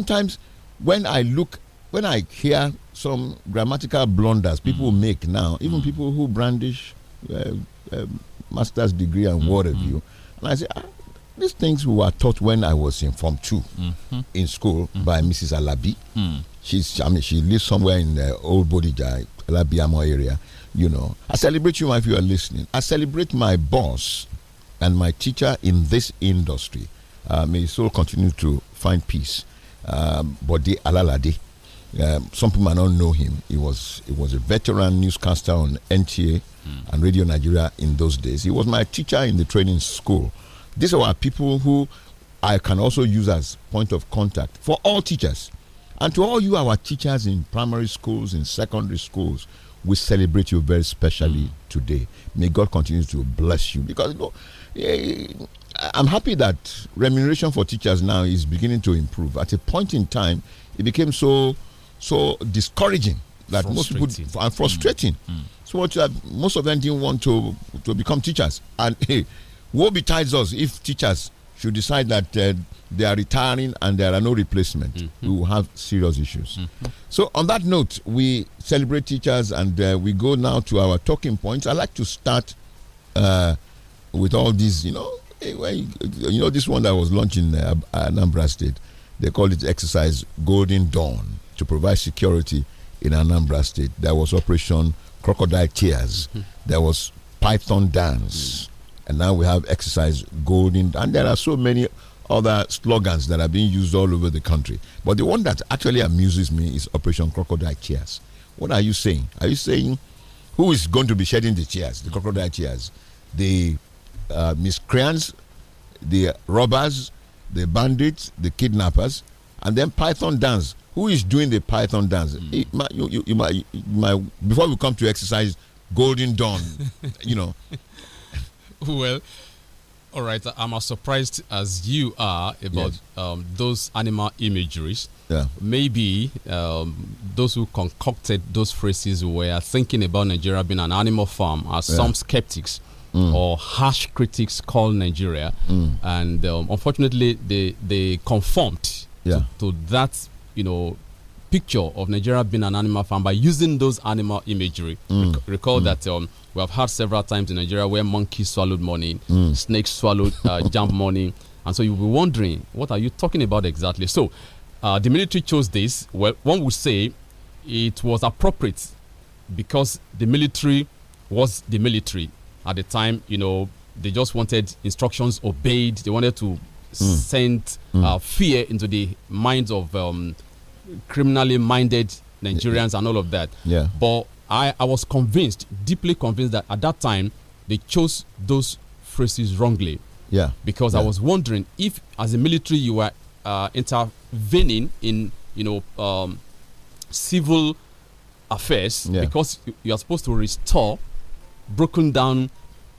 sometimes when I look, when I hear some grammatical blunders people mm. make now, even mm. people who brandish uh, uh, master's degree and mm, what have mm. you, and I say, ah, these things were taught when I was in Form 2 -hmm. in school -hmm. by Mrs. Alabi. Mm. She's, I mean, she lives somewhere in the old Bodija, Alabiamo area. You know, I celebrate you if you are listening. I celebrate my boss and my teacher in this industry. Uh, may his soul continue to find peace but um, Bode Alalade. Um, some people might not know him. He was he was a veteran newscaster on NTA mm. and Radio Nigeria in those days. He was my teacher in the training school. These are people who I can also use as point of contact for all teachers. And to all you, our teachers in primary schools, in secondary schools, we celebrate you very specially mm. today. May God continue to bless you because you know, eh, I'm happy that remuneration for teachers now is beginning to improve. At a point in time, it became so so discouraging that most people are frustrating. Mm. mm. So most of them didn't want to to become teachers. And hey, woe betides us if teachers should decide that uh, they are retiring and there are no replacement. Mm -hmm. We will have serious issues. Mm -hmm. So on that note, we celebrate teachers and uh, we go now to our talking points. I like to start uh, with all these, you know, you know, this one that was launched in uh, uh, Anambra State, they called it exercise Golden Dawn to provide security in Anambra State. There was Operation Crocodile Tears. Mm. There was Python Dance. Mm. And now we have exercise Golden. And there are so many other slogans that are being used all over the country. But the one that actually amuses me is Operation Crocodile Tears. What are you saying? Are you saying who is going to be shedding the tears, the crocodile tears? The uh, miscreants, the robbers, the bandits, the kidnappers, and then Python dance. Who is doing the Python dance? Mm. It, my, you, you, you, my, my, before we come to exercise, Golden Dawn, you know. Well, all right. I'm as surprised as you are about yes. um, those animal imageries. Yeah. Maybe um, those who concocted those phrases were thinking about Nigeria being an animal farm, as yeah. some skeptics mm. or harsh critics call Nigeria, mm. and um, unfortunately they they conformed yeah. to, to, that you know picture of Nigeria being an animal farm by using those animal imagery. Mm. Rec recall mm. that um, we have had several times in Nigeria where monkeys swallowed money, mm. snakes swallowed uh, jump money, and so you'll be wondering what are you talking about exactly. So. Uh, the military chose this. Well, one would say it was appropriate because the military was the military at the time, you know, they just wanted instructions obeyed. They wanted to mm. send mm. Uh, fear into the minds of um, criminally minded Nigerians yeah. and all of that. Yeah. But I, I was convinced, deeply convinced that at that time they chose those phrases wrongly. Yeah. Because yeah. I was wondering if, as a military, you were uh, intervening in, you know, um, civil affairs yeah. because you are supposed to restore broken down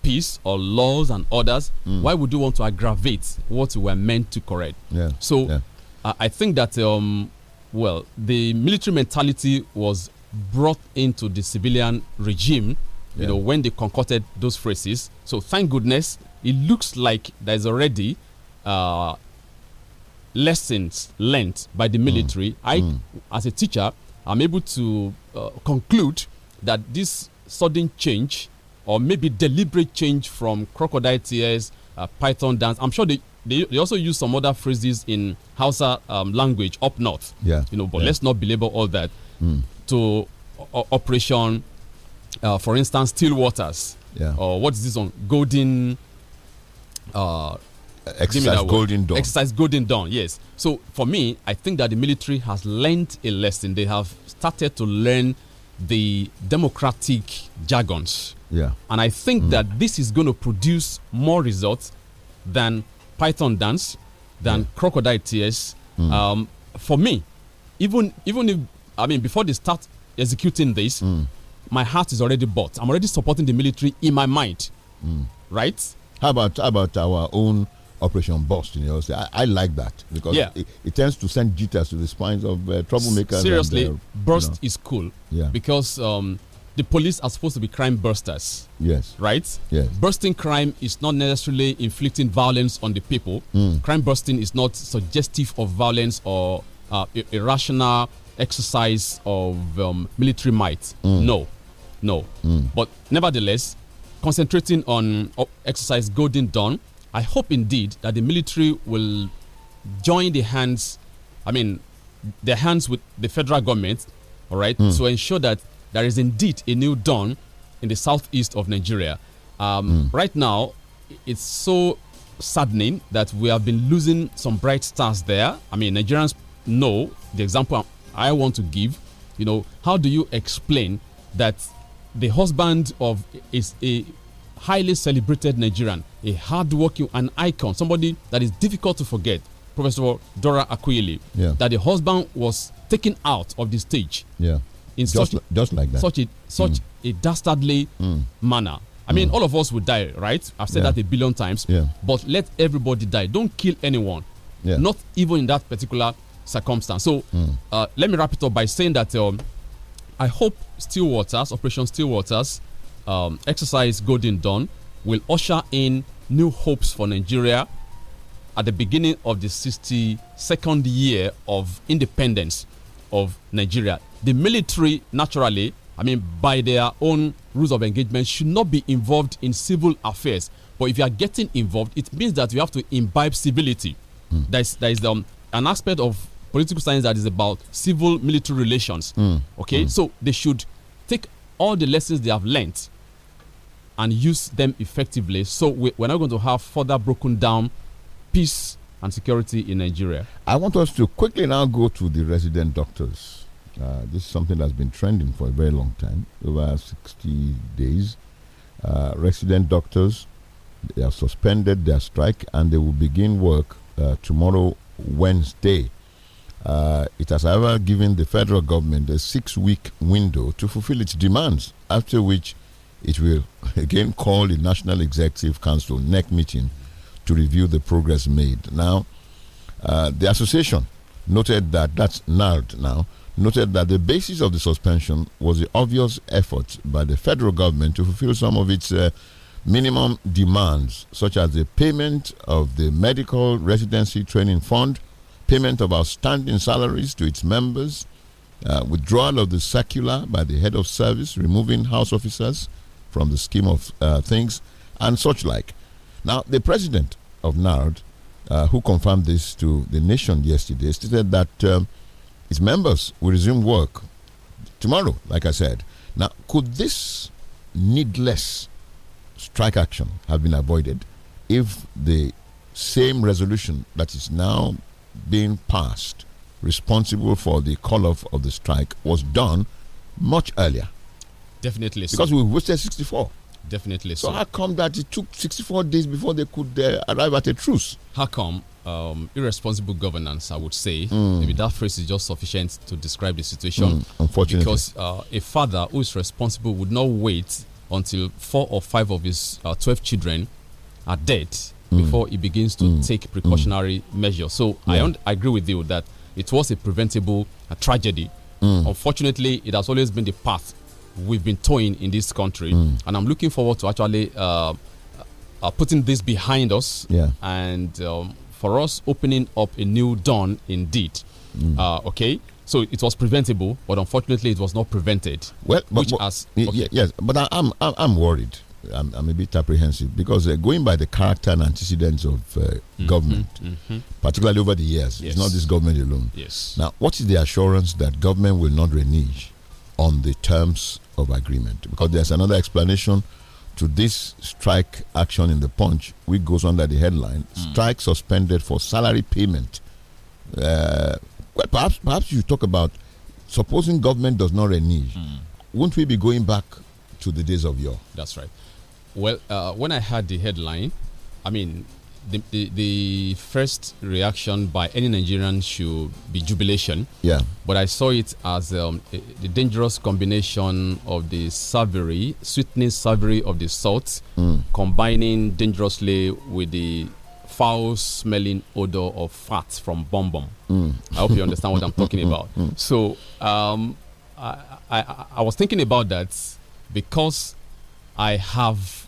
peace or laws and orders, mm. why would you want to aggravate what we were meant to correct? Yeah. So yeah. Uh, I think that, um, well, the military mentality was brought into the civilian regime, you yeah. know, when they concocted those phrases. So thank goodness it looks like there's already uh, lessons learned by the mm. military. Mm. I, mm. as a teacher, I'm able to uh, conclude that this sudden change or maybe deliberate change from crocodile tears, uh, python dance. I'm sure they, they, they also use some other phrases in Hausa um, language up north. Yeah. You know, but yeah. let's not belabor all that. Mm. To operation, uh, for instance, still waters. Yeah. Or what is this on golden? Uh, exercise golden dawn. Exercise golden dawn. Yes. So for me, I think that the military has learned a lesson. They have started to learn the democratic jargons yeah. And I think mm. that this is going to produce more results than Python dance, than yeah. crocodile tears. Mm. Um, for me, even even if I mean before they start executing this, mm. my heart is already bought. I'm already supporting the military in my mind. Mm. Right? How about how about our own Operation Bust in know, I, like that because yeah. it, it, tends to send jitters to the spines of uh, troublemakers. Seriously, and, uh, Burst you know. is cool yeah. because um, the police are supposed to be crime busters. Yes. Right? Yes. Bursting crime is not necessarily inflicting violence on the people. Mm. Crime busting is not suggestive of violence or uh, irrational exercise of um, military might. Mm. No. No. Mm. But nevertheless, concentrating on exercise Golden Dawn, I hope indeed that the military will join the hands, I mean, their hands with the federal government, all right, hmm. to ensure that there is indeed a new dawn in the southeast of Nigeria. Um, mm. Right now, it's so saddening that we have been losing some bright stars there. I mean, Nigerians know the example I want to give. You know, how do you explain that the husband of is a highly celebrated Nigerian, a hardworking, an icon, somebody that is difficult to forget, Professor Dora Akuyele, yeah. that the husband was taken out of the stage yeah in just such just like that. such a such mm. a dastardly mm. manner. I mean, mm. all of us will die, right? I've said yeah. that a billion times. Yeah. But let everybody die. Don't kill anyone. Yeah. Not even in that particular circumstance. So mm. uh, let me wrap it up by saying that um, I hope Stillwaters, Operation Stillwaters, um, exercise Golden Dawn will usher in new hopes for Nigeria at the beginning of the 62nd year of independence of Nigeria the military, naturally, I mean, by their own rules of engagement, should not be involved in civil affairs. But if you are getting involved, it means that you have to imbibe civility. Mm. um, an aspect of political science that is about civil military relations. Mm. Okay, mm. so they should take all the lessons they have learned and use them effectively. So we're not going to have further broken down peace and security in Nigeria. I want us to quickly now go to the resident doctors uh, this is something that's been trending for a very long time, over 60 days. Uh, resident doctors, they have suspended their strike and they will begin work uh, tomorrow, Wednesday. Uh, it has, however, given the federal government a six week window to fulfill its demands, after which it will again call the National Executive Council next meeting to review the progress made. Now, uh, the association noted that that's nulled now noted that the basis of the suspension was the obvious effort by the federal government to fulfill some of its uh, minimum demands, such as the payment of the Medical Residency Training Fund, payment of outstanding salaries to its members, uh, withdrawal of the circular by the head of service, removing house officers from the scheme of uh, things, and such like. Now, the president of NARD, uh, who confirmed this to the nation yesterday, stated that. Um, its members will resume work tomorrow, like I said. Now, could this needless strike action have been avoided if the same resolution that is now being passed, responsible for the call off of the strike, was done much earlier? Definitely. Because so. we wasted 64. Definitely. So, so, how come that it took 64 days before they could uh, arrive at a truce? How come? um, irresponsible governance, I would say. Mm. Maybe that phrase is just sufficient to describe the situation. Mm, unfortunately. Because uh, a father who is responsible would not wait until four or five of his uh, 12 children are dead mm. before he begins to mm. take mm. precautionary measures. So yeah. I, I agree with you that it was a preventable uh, tragedy. Mm. Unfortunately, it has always been the path we've been towing in this country. And I'm looking forward to actually. Uh, uh, putting this behind us yeah. and um, for us opening up a new dawn indeed. Mm. Uh, okay. So it was preventable, but unfortunately, it was not prevented. Well, but, which but, has, okay. yes, but I, am I'm, I'm worried. I'm, I'm, a bit apprehensive because uh, going by the character and antecedents of uh, mm -hmm. government, mm -hmm. particularly over the years, yes. it's not this government alone. Yes. Now, what is the assurance that government will not renege on the terms of agreement? Because there's another explanation to this strike action in the punch, which goes under the headline mm. Strike suspended for salary payment. Uh, well, perhaps, perhaps you talk about supposing government does not renew, mm. won't we be going back to the days of yore? That's right. Well, uh, when I had the headline, I mean, the, the, first reaction by any Nigerian should be jubilation. Yeah. But I saw it as um, a, the dangerous combination of the savory, sweetness savory of the salt, mm. combining dangerously with the foul smelling odor of fat from bombom. Mm. I hope you understand what I'm talking mm. about. Mm. So um, I, I, I was thinking about that because I have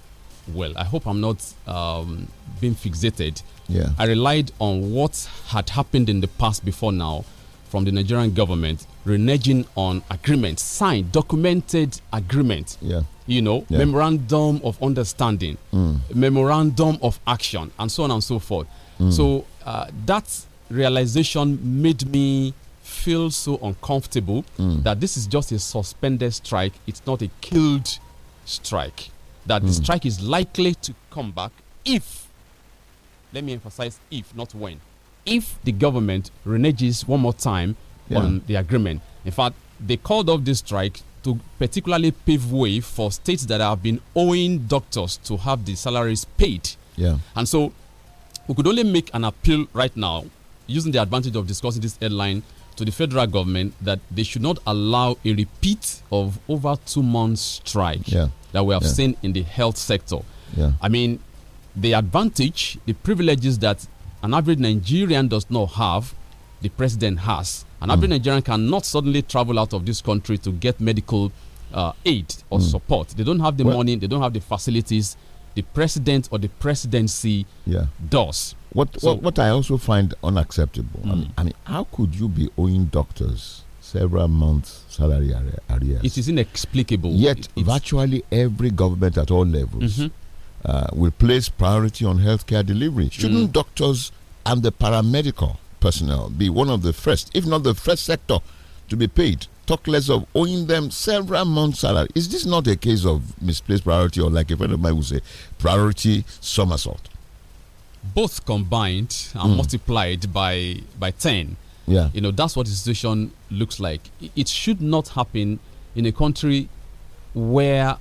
well. I hope I'm not um, being fixated. Yeah. I relied on what had happened in the past before now from the Nigerian government reneging on agreements, signed, documented agreement. Yeah. You know, yeah. memorandum of understanding, mm. memorandum of action, and so on and so forth. Mm. So uh, that realization made me feel so uncomfortable mm. that this is just a suspended strike. It's not a killed strike that mm. the hmm. strike is likely to come back if, let me emphasize if, not when, if the government reneges one more time yeah. on the agreement. In fact, they called off this strike to particularly pave way for states that have been owing doctors to have the salaries paid. Yeah. And so we could only make an appeal right now using the advantage of discussing this headline to the federal government that they should not allow a repeat of over two months strike yeah. that we have yeah. seen in the health sector. Yeah. I mean, the advantage, the privileges that an average Nigerian does not have, the president has. An mm. average Nigerian cannot suddenly travel out of this country to get medical uh, aid or mm. support. They don't have the well, money, they don't have the facilities, the president or the presidency yeah. does. What, so, what, what I also find unacceptable. Mm. I, hmm. mean, I mean, how could you be owing doctors several months' salary arrears? It is inexplicable. Yet, virtually every government at all levels mm -hmm. uh, will place priority on healthcare delivery. Mm. Shouldn't mm. doctors and the paramedical personnel be one of the first, if not the first sector, to be paid? talk less of owing them several months' salary. Is this not a case of misplaced priority, or like a friend of mine would say, priority somersault? Both combined and mm. multiplied by by ten. Yeah, you know that's what the situation looks like. It should not happen in a country where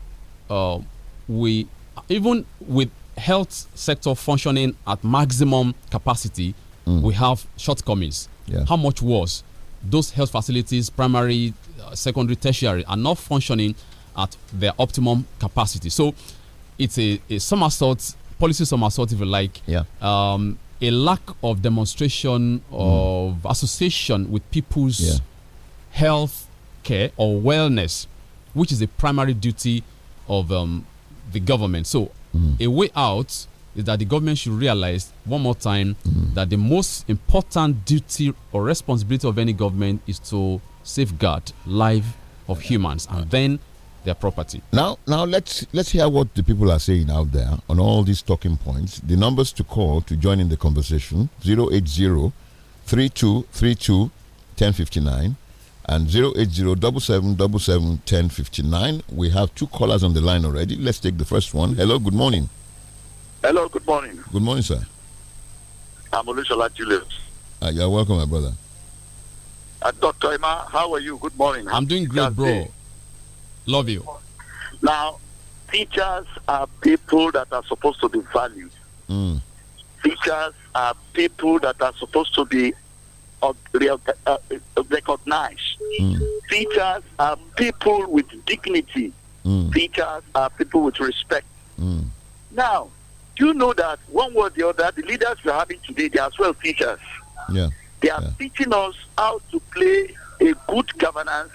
uh, we, even with health sector functioning at maximum capacity, mm. we have shortcomings. Yeah. How much worse those health facilities, primary, uh, secondary, tertiary, are not functioning at their optimum capacity. So it's a, a somersault, policy somersault, if you like. Yeah. Um, a lack of demonstration mm. of mm. association with people's yeah. health care or wellness, which is a primary duty of um, the government. So mm. a way out is that the government should realize one more time mm. that the most important duty or responsibility of any government is to safeguard life of humans and then their property. Now, now let's let's hear what the people are saying out there on all these talking points. The numbers to call to join in the conversation 080 3232 1059 and 080 We have two callers on the line already. Let's take the first one. Hello, good morning. Hello, good morning. Good morning, sir. I'm Olusola Julius. Uh, ah, you're welcome, my brother. Uh, Dr. Emma, how are you? Good morning. I'm doing great, bro. Love you. Now, teachers are people that are supposed to be valued. Mm. Teachers are people that are supposed to be uh, uh, recognized. Mm. Teachers are people with dignity. Mm. Teachers are people with respect. Mm. Now, you know that one way or the other, the leaders we are having today, they are as well teachers. Yeah. They are yeah. teaching us how to play a good governance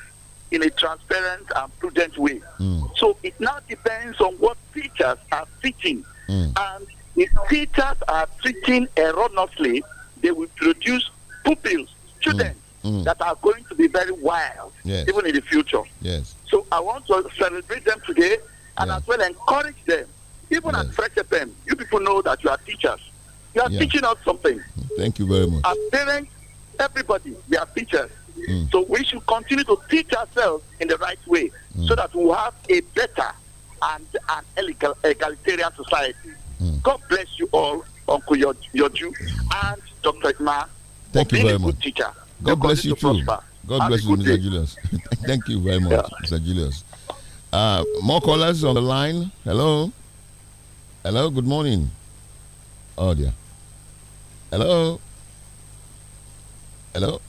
in a transparent and prudent way. Mm. So it now depends on what teachers are teaching. Mm. And if teachers are teaching erroneously, they will produce pupils, students mm. that are going to be very wild, yes. even in the future. Yes. So I want to celebrate them today and yeah. as well encourage them even yes. at Fresh FM, you people know that you are teachers. You are yeah. teaching us something. Thank you very much. As parents, everybody, we are teachers. Mm. So we should continue to teach ourselves in the right way mm. so that we have a better and an egalitarian society. Mm. God bless you all, Uncle Yodju and Dr. Ima. Thank you very much. Teacher. God bless you too. God bless you, Mr. Julius. Thank you very much, Mr. Julius. Uh, more callers on the line. Hello. Hello, good morning. Oh dear. Hello. Hello.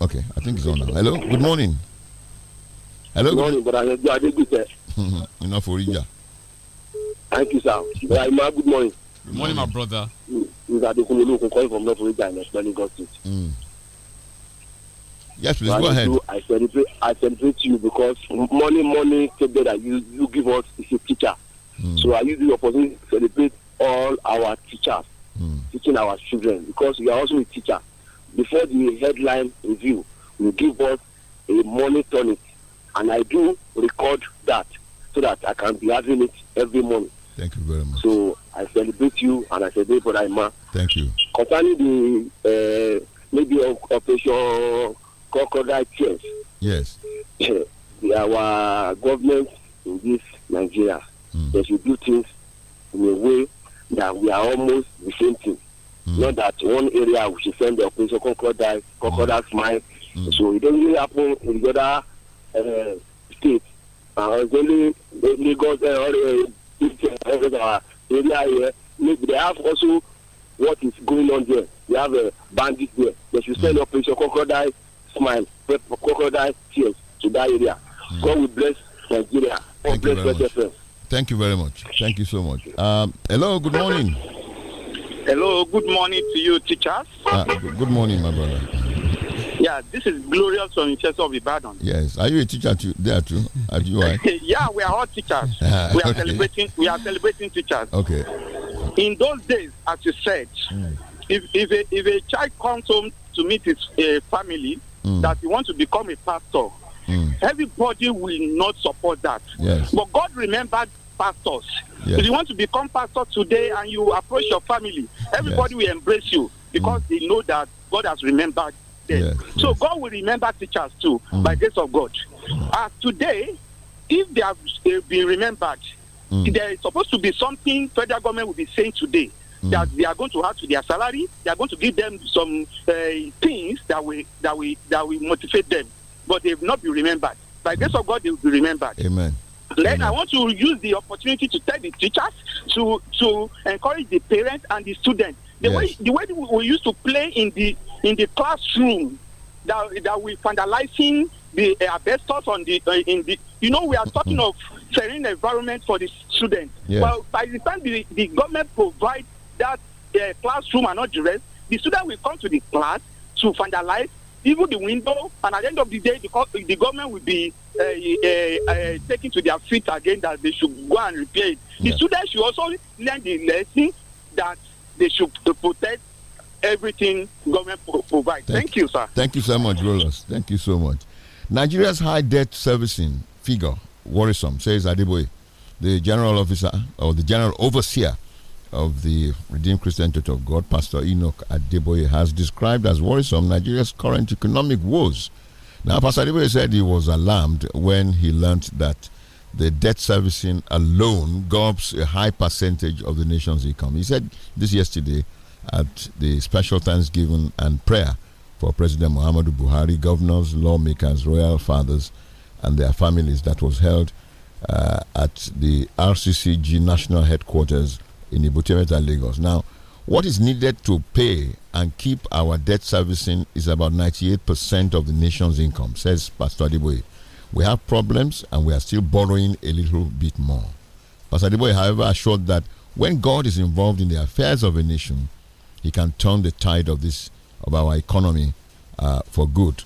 Okay, I think it's on now. Hello, good morning. Hello. Good morning, but I did good. Enough for you, Thank you, sir. Good morning. Good morning, my brother. This is Adekunle Olukun calling from North Florida in Esplanade God State. Hmm. Yes, please go ahead. I celebrate, I celebrate you because money, money that you you give us is a teacher. So I use this opportunity to celebrate all our teachers mm. teaching our children because we are also a teacher. Before the headline review, we give us a morning tonic, and I do record that so that I can be having it every morning. Thank you very much. So I celebrate you and I celebrate for Ima. Thank you. Concerning the uh, maybe operation crocodile tears. Yes. our government in this Nigeria Mm. They should do things in a way that we are almost the same thing. Mm. Not that one area we should send the operation crocodile, crocodile mm. smile. Mm. So it doesn't really happen in the other uh, states. Uh, only Lagos and uh, uh area here. they have also what is going on there. They have a bandit there. They should send mm. operation crocodile smile, crocodile tears to that area. Mm. God will bless Nigeria. God Thank bless you Thank you very much. Thank you so much. Um, hello, good morning. Hello, good morning to you, teachers. Uh, good morning, my brother. Yeah, this is glorious from Chester of Ibadan. Yes, are you a teacher too, there too? Are you? yeah, we are all teachers. Ah, we are okay. celebrating. We are celebrating teachers. Okay. In those days, as you said, mm. if if a, if a child comes home to meet his uh, family mm. that he wants to become a pastor, Mm. Everybody will not support that. Yes. But God remembered pastors. Yes. If you want to become pastor today and you approach your family, everybody yes. will embrace you because mm. they know that God has remembered them. so God will remember teachers too mm. by grace of God. Uh, today, if they have been remembered, mm. there is supposed to be something federal government will be saying today. Mm. that they are going to add to their salary. They are going to give them some uh, things that will that we that will motivate them but they will not be remembered. By grace of God, they will be remembered. Amen. Then Amen. I want to use the opportunity to tell the teachers to to encourage the parents and the students. The yes. way the way we, used to play in the in the classroom that that we vandalizing the best uh, on the uh, in the you know we are talking of serene environment for the students. Well, by the time the, the government provides that uh, classroom and not the the student will come to the class to vandalize even the window, and at the end of the day, the, the government will be uh, uh, uh, taken to their feet again that they should go and repair it. Yeah. The students should also learn the lesson that they should protect everything government pro provides. Thank, Thank, you, sir. Thank you so much, Rollers. Thank you so much. Nigeria's high debt servicing figure worrisome, says Adiboy, the general officer or the general overseer of the Redeemed Christian Church of God, Pastor Enoch Adeboye, has described as worrisome Nigeria's current economic woes. Now, Pastor Adeboye said he was alarmed when he learned that the debt servicing alone gobs a high percentage of the nation's income. He said this yesterday at the special thanksgiving and prayer for President Muhammadu Buhari, governors, lawmakers, royal fathers, and their families that was held uh, at the RCCG national headquarters in Ibutiamet and Lagos. Now, what is needed to pay and keep our debt servicing is about 98% of the nation's income, says Pastor Adiboye. We have problems and we are still borrowing a little bit more. Pastor Adiboye, however, assured that when God is involved in the affairs of a nation, he can turn the tide of this of our economy uh, for good.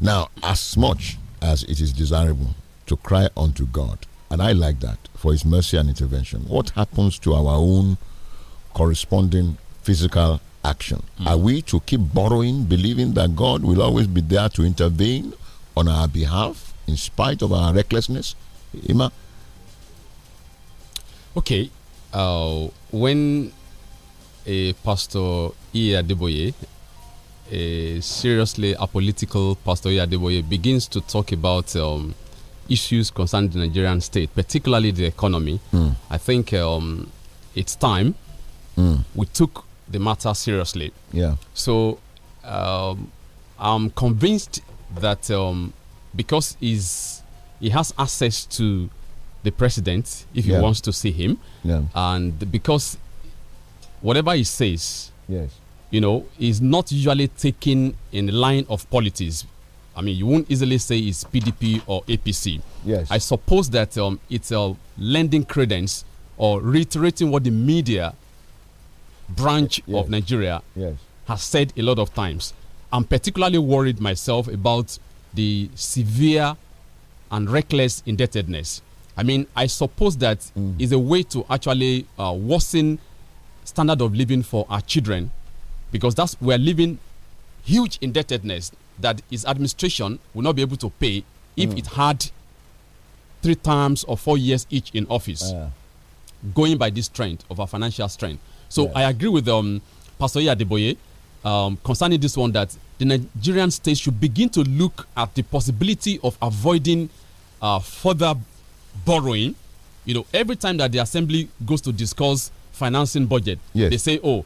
Now, as much as it is desirable to cry unto God, and I like that for His mercy and intervention. What happens to our own corresponding physical action? Mm. Are we to keep borrowing, believing that God will always be there to intervene on our behalf in spite of our recklessness? Ima? Okay. Uh, when a pastor E. Adeboye, a seriously apolitical pastor E. Adeboye, begins to talk about um, issues concerning the Nigerian state, particularly the economy. Mm. I think um, it's time mm. we took the matter seriously. Yeah. So um, I'm convinced that um, because he's, he has access to the president if yeah. he wants to see him, yeah. and because whatever he says, yes. you know, is not usually taken in the line of politics I mean, you won't easily say it's PDP or APC. Yes. I suppose that um, it's uh, lending credence or reiterating what the media branch yes. of Nigeria yes. has said a lot of times. I'm particularly worried myself about the severe and reckless indebtedness. I mean, I suppose that mm. is a way to actually uh, worsen standard of living for our children because that's we're living huge indebtedness that his administration will not be able to pay if mm. it had three terms or four years each in office, uh. going by this trend of our financial strength. So yes. I agree with um, Pastor Yadeboye um, concerning this one that the Nigerian state should begin to look at the possibility of avoiding uh, further borrowing. You know, every time that the assembly goes to discuss financing budget, yes. they say, oh,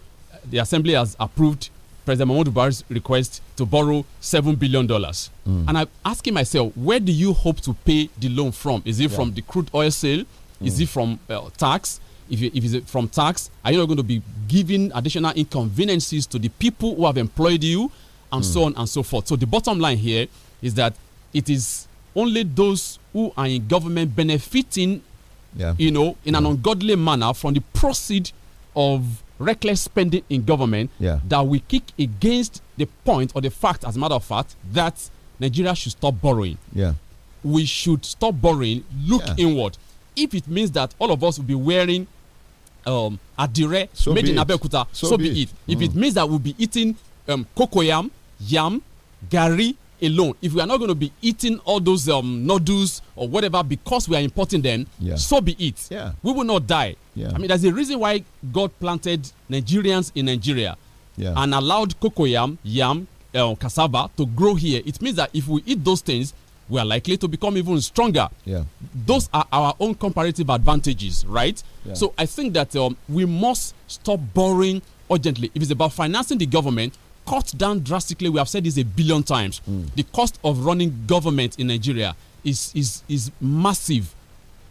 the assembly has approved President Mahmoud Buhari's request to borrow $7 billion. Mm. And I'm asking myself, where do you hope to pay the loan from? Is it yeah. from the crude oil sale? Mm. Is it from uh, tax? If, you, if it's from tax, are you not going to be giving additional inconveniences to the people who have employed you and mm. so on and so forth? So the bottom line here is that it is only those who are in government benefiting, yeah. you know, in an ungodly manner from the proceed of reckless spending in government yeah. that will kick against the point or the fact, as a matter of fact, that Nigeria should stop borrowing. Yeah. We should stop borrowing, look yeah. inward. If it means that all of us will be wearing um, adire so made in Abeokuta, so, so, be it. it. If mm. it means that we'll be eating um, cocoyam, yam, gari, alone, if we are not going to be eating all those um, nodules or whatever because we are importing them, yeah. so be it. Yeah. We will not die. Yeah. I mean, there's a reason why God planted Nigerians in Nigeria yeah. and allowed cocoyam, yam, uh, cassava to grow here. It means that if we eat those things, we are likely to become even stronger. Yeah. Those are our own comparative advantages, right? Yeah. So I think that um, we must stop borrowing urgently. If it's about financing the government, cut down drastically. We have said this a billion times. Mm. The cost of running government in Nigeria is is is massive,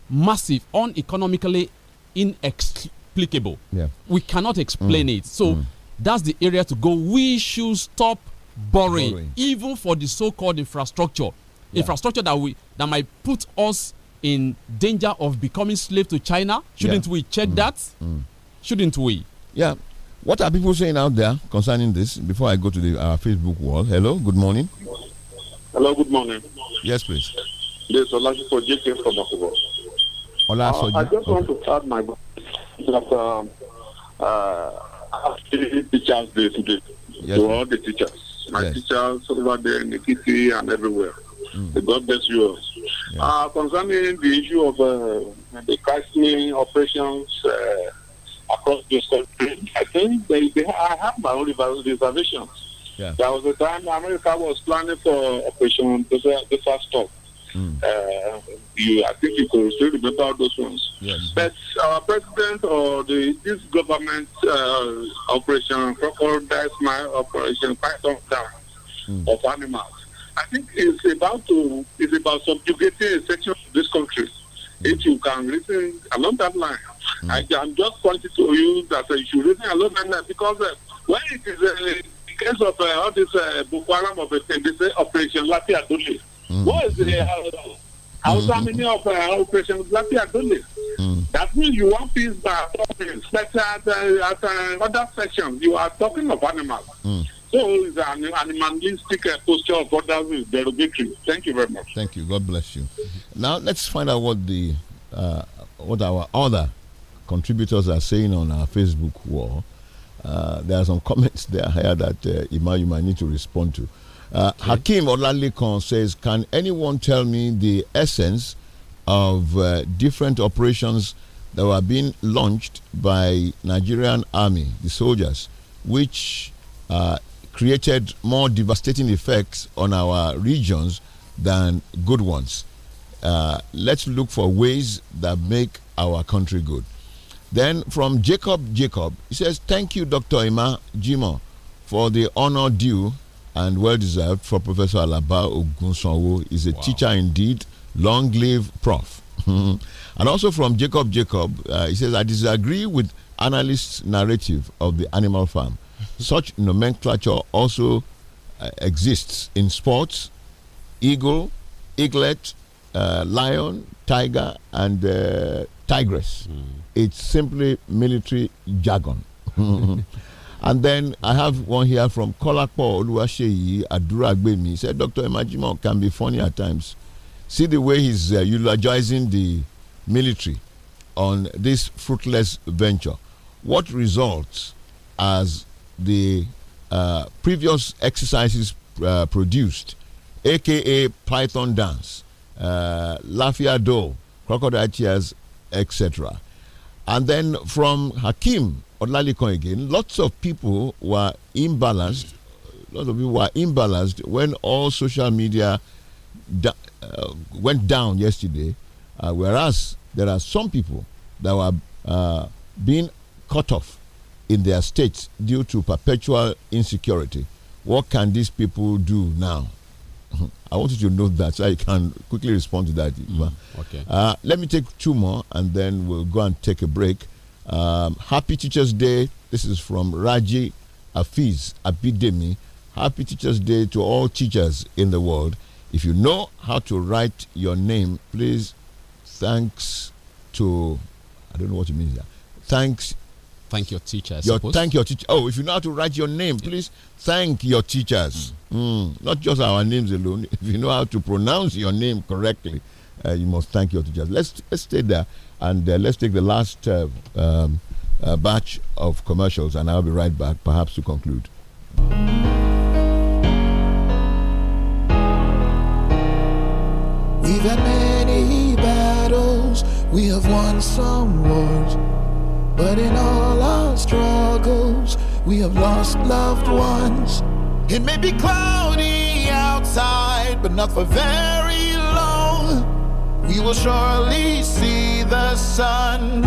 massive, uneconomically inexplicable. Yeah. We cannot explain mm. it. So mm. that's the area to go. We should stop borrowing, borrowing. even for the so-called infrastructure, yeah. infrastructure that we that might put us in danger of becoming slave to China. Shouldn't yeah. we check hmm. that? Hmm. Shouldn't we? Yeah, what are people saying out there concerning this? Before I go to the uh, Facebook wall. Hello, good morning. Hello, good morning. Yes, please. Yes, is Olajupo from Ola, uh, I just okay. want to start my that um, uh, teachers day today yes, to all the teachers, my yes. teachers over there in the city and everywhere. Mm. God bless you. Yes. Uh, concerning the issue of uh, the casting operations uh, across this country. I think they, they, I have my own reservations. Yeah. There was a time America was planning for Operation Disaster. Mm. Uh, you, I think you could still remember those ones. Yes. But our president or the, this government uh, operation, crocodile my operation, python down mm. of animals. I think it's about to, it's about subjugating a section of this country. Mm. If hmm. you can listen along that line, Mm. I, am just pointing to you that uh, you should listen a lot better because uh, when it is uh, in case of uh, all this uh, Boko Haram of uh, uh operation Latia Dole, mm. what is the uh, how mm-hmm. many of uh, operation Latia Dole? Mm. That means you want peace by talking, especially at, uh, at uh, other sections. You are talking of animals. Mm. So it's an animalistic uh, posture of others is derogatory. Thank you very much. Thank you. God bless you. Now let's find out what the uh, what our other contributors are saying on our Facebook wall. Uh, there are some comments there here that uh, Ima, you might need to respond to. Uh, okay. Hakim Olalekan says, "Can anyone tell me the essence of uh, different operations that were being launched by Nigerian army, the soldiers, which uh, created more devastating effects on our regions than good ones? Uh, let's look for ways that make our country good." Then from Jacob Jacob, he says, Thank you, Dr. Ima Jimo, for the honor due and well deserved for Professor Alaba Ogunsanwo. He's a wow. teacher indeed. Long live Prof. and also from Jacob Jacob, uh, he says, I disagree with analyst's narrative of the animal farm. Such nomenclature also uh, exists in sports, eagle, eaglet, uh, lion, tiger, and uh, tigress. Mm. It's simply military jargon. and then I have one here from Kolapo Oluwaseyi Aduragbemi. He said, Dr. Emajimo can be funny at times. See the way he's uh, eulogizing the military on this fruitless venture. What results as the uh, previous exercises uh, produced, aka Python dance, uh, Lafayette, crocodile tears, etc. And then from Hakim Olalekan again, lots of people were imbalanced. Lots of people were imbalanced when all social media uh, went down yesterday. Uh, whereas there are some people that were uh, being cut off in their states due to perpetual insecurity. What can these people do now? I want you to know that so I can quickly respond to that. Mm, okay. Uh, let me take two more and then we'll go and take a break. Um, Happy Teachers Day. This is from Raji Afiz Abidemi. Happy Teachers Day to all teachers in the world. If you know how to write your name, please thanks to, I don't know what you mean there. Thanks thank your teachers. Your, thank your teacher. Oh, if you know how to write your name, yeah. please thank your teachers. Mm. Mm. Not just our names alone. If you know how to pronounce your name correctly, uh, you must thank your teachers. Let's let's stay there and uh, let's take the last uh, um, uh, batch of commercials, and I'll be right back, perhaps to conclude. We've had many battles. We have won some wars. But in all our struggles, we have lost loved ones. It may be cloudy outside, but not for very long. We will surely see the sun.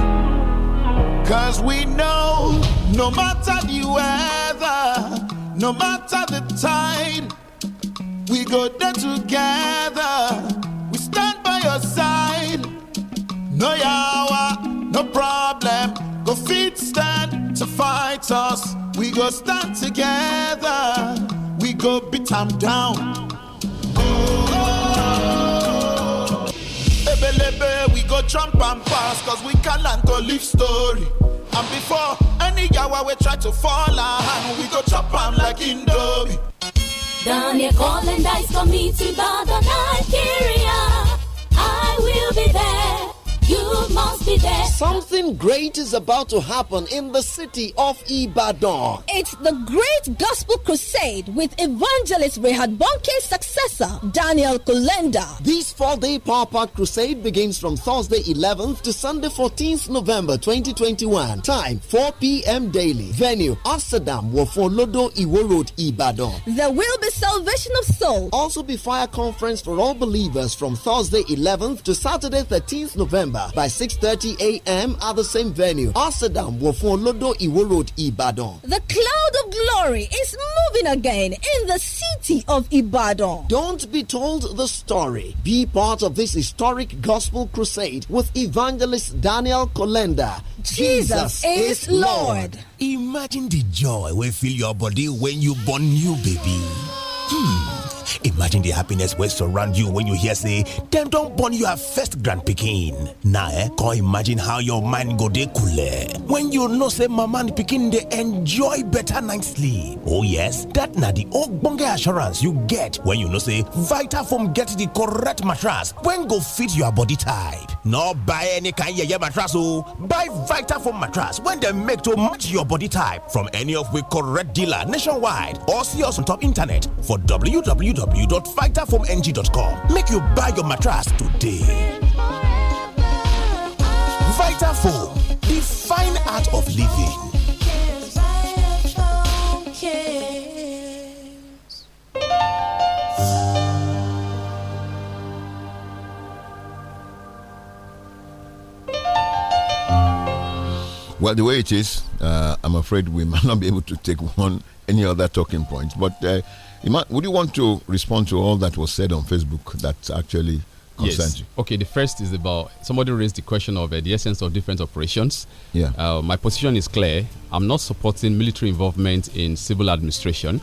Cause we know no matter the weather, no matter the tide, we go there together. We stand by your side. No yawa, no problem go feet stand to fight us. We go stand together. We go beat 'em down. Oh, Ebelebe, we go jump and pass, cause we can learn to live story. And before any yawa we try to fall and we go chop 'em like Indomie. Daniel Call and Dice me to Badan Nigeria. I will be there. Something great is about to happen in the city of Ibadan. It's the Great Gospel Crusade with evangelist Rehad Bonke's successor, Daniel Kulenda. This four-day Power Crusade begins from Thursday 11th to Sunday 14th November 2021. Time 4 p.m. daily. Venue Amsterdam, Wofolodo, Iwo Road, Ibadan. There will be salvation of soul. Also be fire conference for all believers from Thursday 11th to Saturday 13th November by 6.30 a.m. at the same venue. Asadam Wofun Lodo Iwo Road, Ibadan. The cloud of glory is moving again in the city of Ibadan. Don't be told the story. Be part of this historic gospel crusade with evangelist Daniel Kolenda. Jesus, Jesus is, Lord. Lord. Imagine the joy will fill your body when you born new baby. Hmm. Imagine the happiness wey surround you when you hear say dem don born your first grand pikin. Now, eh, come imagine how your mind go dey coole when you know say mama and pikin they enjoy better nicely. sleep. Oh yes, that na the old ogbonge assurance you get when you know say Foam get the correct mattress when go fit your body type. No buy any kind of your mattress oh, buy Foam mattress when they make to match your body type from any of we correct dealer nationwide or see us on top internet for www www.vitafoamng.com. Make you buy your mattress today. Vitafoam, the fine art of living. Well, the way it is, uh, I'm afraid we might not be able to take one any other talking points, But uh, would you want to respond to all that was said on Facebook that actually concerns yes. you? Okay, the first is about somebody raised the question of uh, the essence of different operations. Yeah. Uh, my position is clear. I'm not supporting military involvement in civil administration,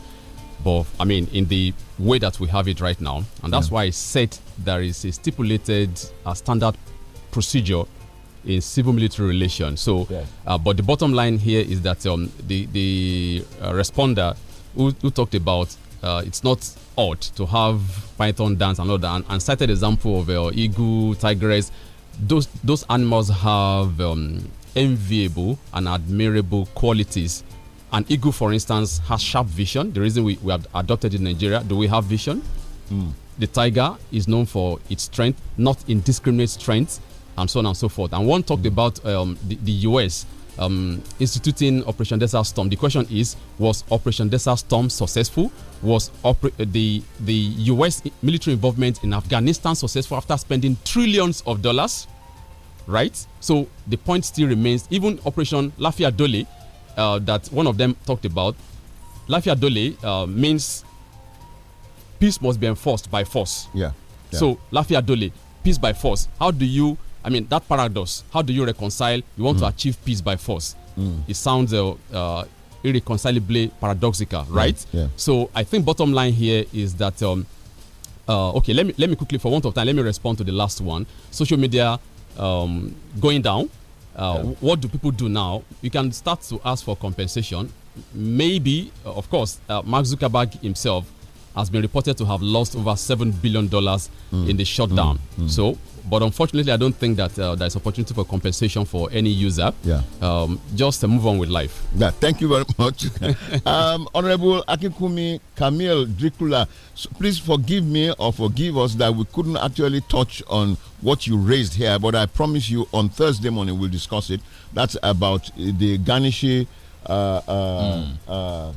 but I mean, in the way that we have it right now. And that's yeah. why I said there is a stipulated uh, standard procedure in civil military relations. So, yeah. uh, but the bottom line here is that um, the the uh, responder who, who, talked about uh, it's not odd to have python dance and all that. And, and cited example of uh, eagle, tigress. Those those animals have um, enviable and admirable qualities. An eagle, for instance, has sharp vision. The reason we, we have adopted in Nigeria, do we have vision? Mm. The tiger is known for its strength, not indiscriminate strength, and so on and so forth. And one talked hmm. about um, the, the US um, instituting Operation Desert Storm. The question is, was Operation Desert Storm successful? Was uh, the the U.S. military involvement in Afghanistan successful after spending trillions of dollars? Right. So the point still remains. Even Operation Lafia Dole, uh, that one of them talked about, Lafia Dole uh, means peace must be enforced by force. Yeah. yeah. So Lafia Dole, peace by force. How do you I mean, that paradox. How do you reconcile? You want mm. to hmm. achieve peace by force. Mm. It sounds uh, uh, irreconcilably paradoxical, right? Mm. Yeah. So I think bottom line here is that. Um, uh, okay, let me let me quickly, for want of time, let me respond to the last one. Social media um, going down. Uh, yeah. What do people do now? You can start to ask for compensation. Maybe, of course, uh, Mark Zuckerberg himself has been reported to have lost over seven billion dollars mm. in the shutdown. Mm, mm. So, but unfortunately, I don't think that uh, there's opportunity for compensation for any user. Yeah. Um, just to move on with life. Yeah. Thank you very much, um, Honorable Akikumi Camille Dricula. So please forgive me or forgive us that we couldn't actually touch on what you raised here, but I promise you on Thursday morning we'll discuss it. That's about uh, the Ganishi. Uh, uh, mm. uh,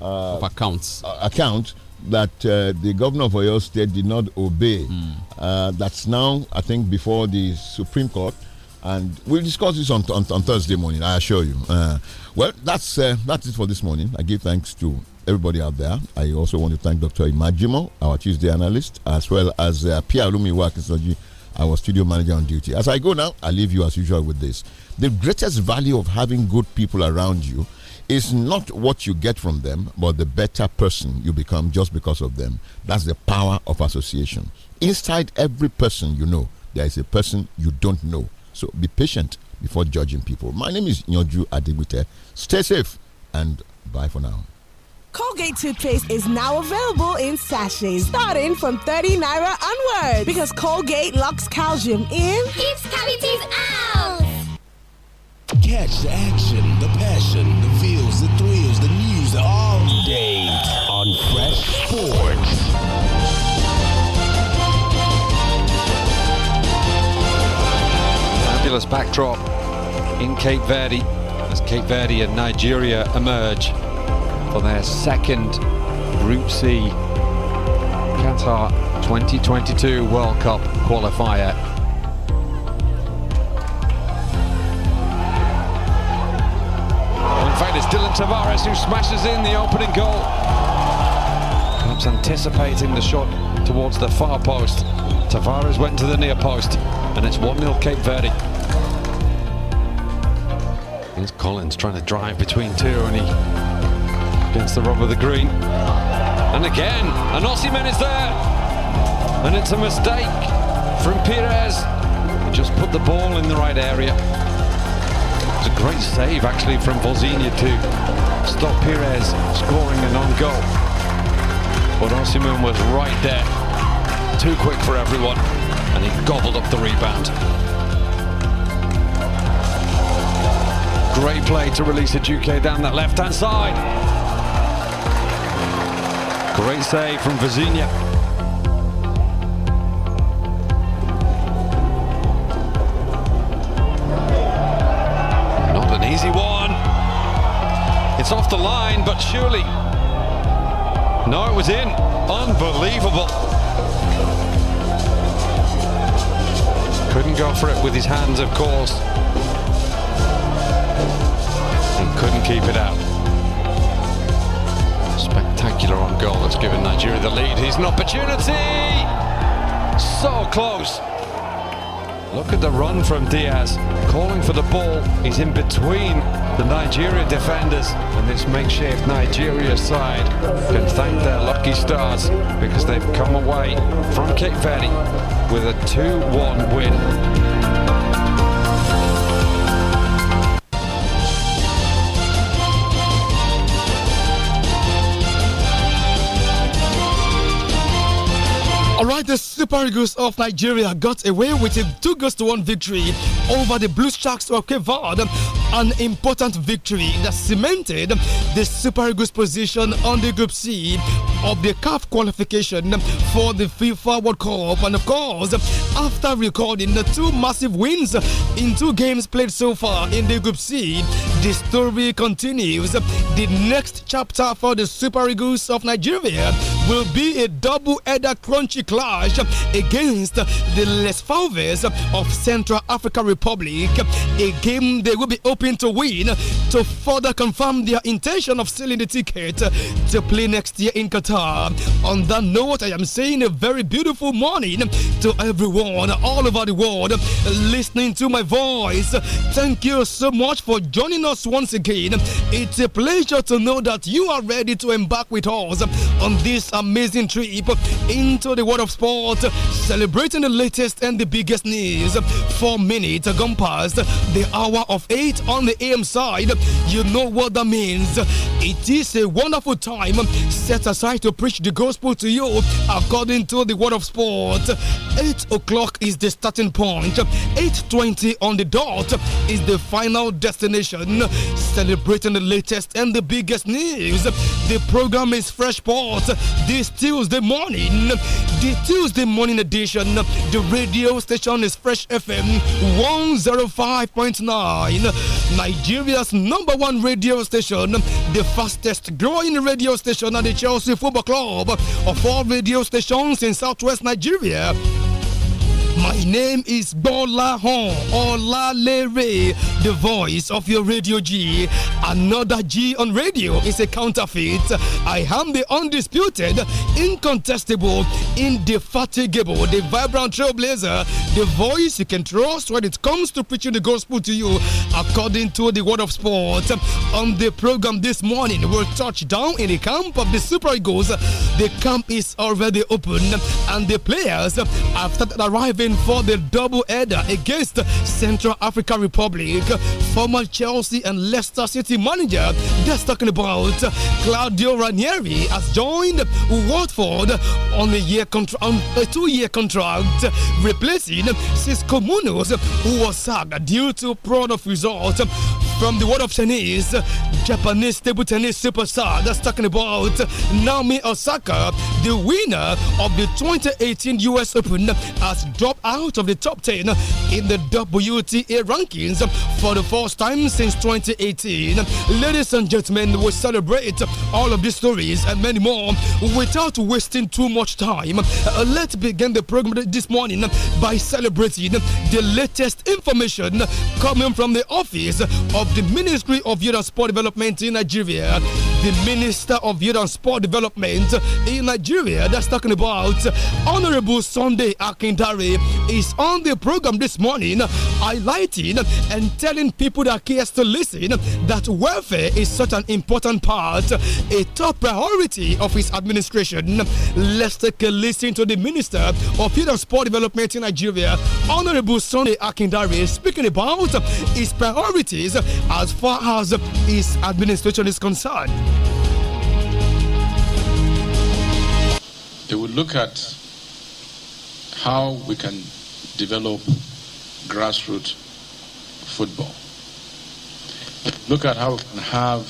uh of accounts uh, account that uh, the governor of Oyo State did not obey. Mm. Uh, that's now, I think, before the Supreme Court, and we'll discuss this on, on, on Thursday morning. I assure you. Uh, well, that's uh, that's it for this morning. I give thanks to everybody out there. I also want to thank Dr. Imajimo, our Tuesday analyst, as well as uh, Pierre Lumiwa our studio manager on duty. As I go now, I leave you as usual with this: the greatest value of having good people around you it's not what you get from them, but the better person you become just because of them. That's the power of association. Inside every person you know, there is a person you don't know. So be patient before judging people. My name is Nyoju Adibute. Stay safe and bye for now. Colgate toothpaste is now available in sachets, starting from 30 naira onward. Because Colgate locks calcium in, keeps cavities out Catch the action, the passion, the feels, the thrills, the news all day on Fresh Sports. Fabulous backdrop in Cape Verde as Cape Verde and Nigeria emerge for their second Group C Qatar 2022 World Cup qualifier it's Dylan Tavares who smashes in the opening goal. Perhaps anticipating the shot towards the far post. Tavares went to the near post, and it's 1-0 Cape Verde. Here's Collins trying to drive between two, he against the rub of the green. And again, and Ossiman is there. And it's a mistake from Perez. He just put the ball in the right area a great save, actually, from Volzinha to stop Pires scoring an non goal. But Osimhen was right there. Too quick for everyone, and he gobbled up the rebound. Great play to release a Duque down that left-hand side. Great save from Vizinha. Easy one. It's off the line, but surely. No, it was in. Unbelievable. Couldn't go for it with his hands, of course. And couldn't keep it out. Spectacular on goal that's given Nigeria the lead. He's an opportunity. So close. Look at the run from Diaz, calling for the ball. He's in between the Nigeria defenders, and this makeshift Nigeria side can thank their lucky stars because they've come away from Cape Verde with a 2-1 win. All right, this the Parigos of Nigeria got away with a 2 goals to 1 victory over the Blue Sharks of Cape Verde. An important victory that cemented the Super Eagles position on the Group C of the CAF qualification for the FIFA World Cup. And of course, after recording the two massive wins in two games played so far in the Group C, the story continues. The next chapter for the Super Eagles of Nigeria will be a double-header crunchy clash against the Les Falves of Central African Republic. A game they will be hoping to win to further confirm their intention of selling the ticket to play next year in Qatar. On that note, I am saying a very beautiful morning to everyone all over the world listening to my voice. Thank you so much for joining us once again. It's a pleasure to know that you are ready to embark with us on this amazing trip into the world of sport, celebrating the latest and the biggest news. Four minutes gone past the hour of eight on the AM side. You know what that means. It is a wonderful time set aside to preach the gospel to you according to the world of sport. Eight o'clock is the starting point. 8.20 on the dot is the final destination. Celebrating the latest and the biggest news. The program is Fresh Sport this Tuesday morning, the Tuesday morning edition. The radio station is Fresh FM 105.9, Nigeria's number one radio station, the fastest growing radio station at the Chelsea Football Club of all radio stations in southwest Nigeria. My name is Bola Hon Olalere, the voice of your Radio G. Another G on radio is a counterfeit. I am the undisputed, incontestable, indefatigable, the vibrant trailblazer, the voice you can trust when it comes to preaching the gospel to you according to the word of sport. On the program this morning, we'll touch down in the camp of the Super Eagles. The camp is already open and the players have started arriving for the double header against Central African Republic. Former Chelsea and Leicester City manager, just talking about Claudio Ranieri, has joined Watford on a year on a two-year contract, replacing Cisco Munoz, who was sacked due to product results from the world of tennis, Japanese table tennis superstar. That's talking about Naomi Osaka, the winner of the 2018 US Open, has dropped out of the top 10 in the WTA rankings for the first time since 2018. Ladies and gentlemen, we celebrate all of these stories and many more without wasting too much time. Uh, let's begin the program this morning by celebrating the latest information coming from the office of of the Ministry of Youth and Sport Development in Nigeria the Minister of Youth and Sport Development in Nigeria. That's talking about Honorable Sunday Akindare is on the program this morning, highlighting and telling people that cares to listen that welfare is such an important part, a top priority of his administration. Let's take a listen to the Minister of Youth and Sport Development in Nigeria, Honorable Sunday Akindare, speaking about his priorities as far as his administration is concerned. look at how we can develop grassroots football. Look at how we can have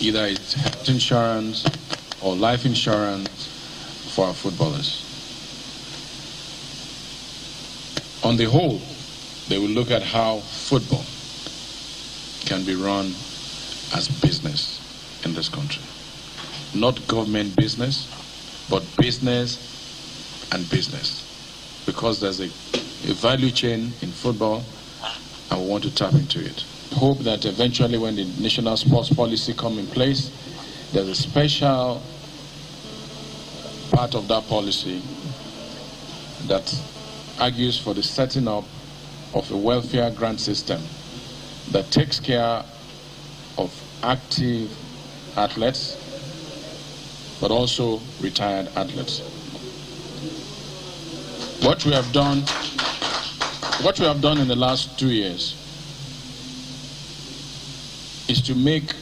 either it's health insurance or life insurance for our footballers. On the whole, they will look at how football can be run as business in this country not government business, but business and business. Because there's a, a value chain in football and we want to tap into it. Hope that eventually when the national sports policy come in place, there's a special part of that policy that argues for the setting up of a welfare grant system that takes care of active athletes but also retired athletes. What we have done, what we have done in the last two years is to make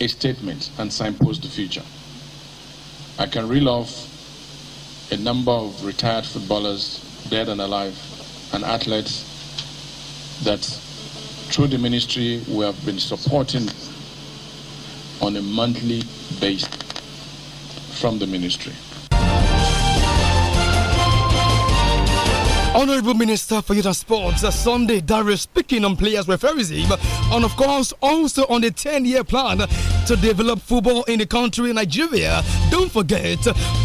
a statement and signpost the future. I can reel off a number of retired footballers, dead and alive, and athletes that through the ministry we have been supporting on a monthly basis from the ministry. Honorable Minister for Youth and Sports, uh, Sunday Darius speaking on players refereeism and, of course, also on the 10 year plan to develop football in the country, Nigeria. Don't forget,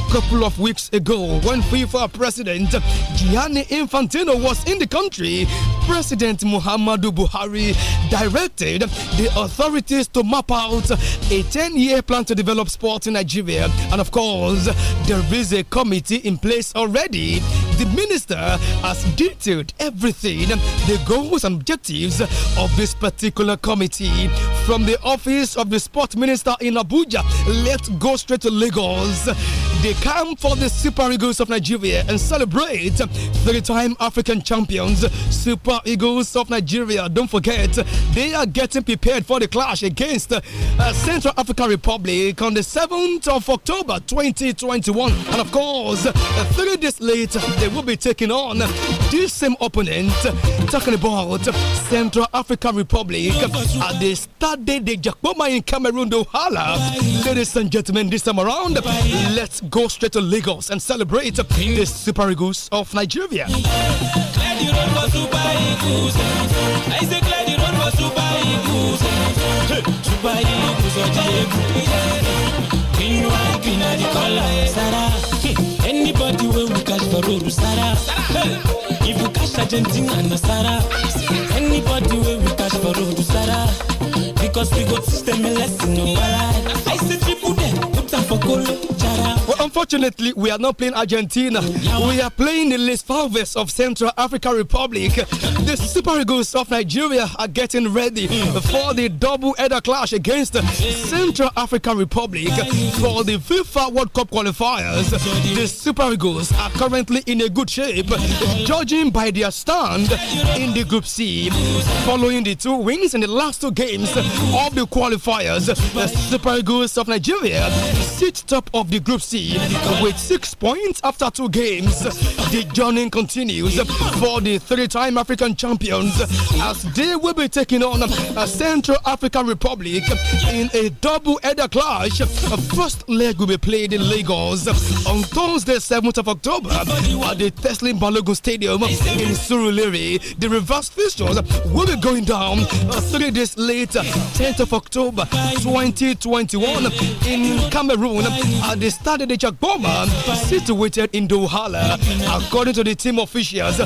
couple of weeks ago when FIFA President Gianni Infantino was in the country, President Muhammadu Buhari directed the authorities to map out a 10 year plan to develop sports in Nigeria. And of course, there is a committee in place already. The minister has detailed everything, the goals and objectives of this particular committee. From the office of the sport minister in Abuja, let's go straight to Lagos. The Come for the Super Eagles of Nigeria and celebrate three-time African champions Super Eagles of Nigeria. Don't forget, they are getting prepared for the clash against uh, Central African Republic on the 7th of October 2021. And of course, uh, three days later, they will be taking on this same opponent, talking about Central African Republic at the Stade de Jacoma in Cameroon, Douala. Ladies and gentlemen, this time around, let's go straight to Lagos and celebrate the Super Eagles of Nigeria. Anybody catch road, If you catch Argentina Anybody catch road, Because we got system lesson, no I put them for Unfortunately, we are not playing Argentina. We are playing the Les Falves of Central African Republic. The Super Eagles of Nigeria are getting ready for the double header clash against Central African Republic for the FIFA World Cup qualifiers. The Super Eagles are currently in a good shape, judging by their stand in the Group C. Following the two wins in the last two games of the qualifiers, the Super Eagles of Nigeria sit top of the Group C uh, with six points after two games. The journey continues for the three time African champions as they will be taking on a Central African Republic in a double header clash. Uh, first leg will be played in Lagos on Thursday, 7th of October at the Tesla Balogun Stadium in Surulere. The reverse fixtures will be going down uh, three days later, 10th of October 2021 in Cameroon at the Stade de Richard Bowman, situated in Dohala. According to the team officials, the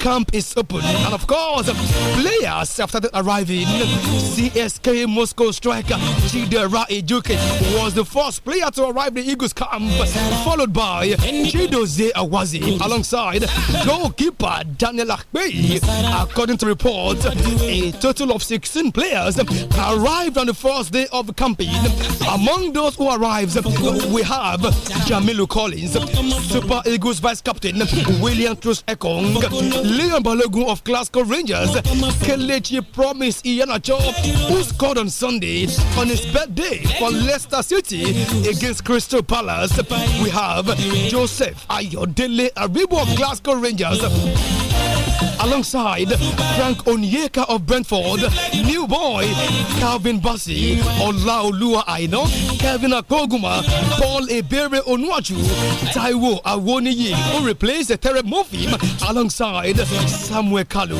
camp is open. And of course, players have started arriving. CSK Moscow striker Chidera Ejuke was the first player to arrive the Eagles camp, followed by Chidoze Awazi alongside goalkeeper Daniel Akpei. According to reports, a total of 16 players arrived on the first day of camping. Among those who arrived, we have Jamilu Collins, Super Eagles Vice Captain, William Cruz Ekong, Leon Balogun of Glasgow Rangers, Kelechi Promise Iheanacho, who scored on Sunday on his birthday for Leicester City against Crystal Palace. We have Joseph Ayodele Aribo of Glasgow Rangers alongside Frank Onyeka of Brentford, New Boy, Calvin Bassi, Olaolua Aino, Kevin Akoguma, Paul Ebere Onwaju, Taiwo Awoniyi, who replaced Terre Mofim alongside Samuel Kalu.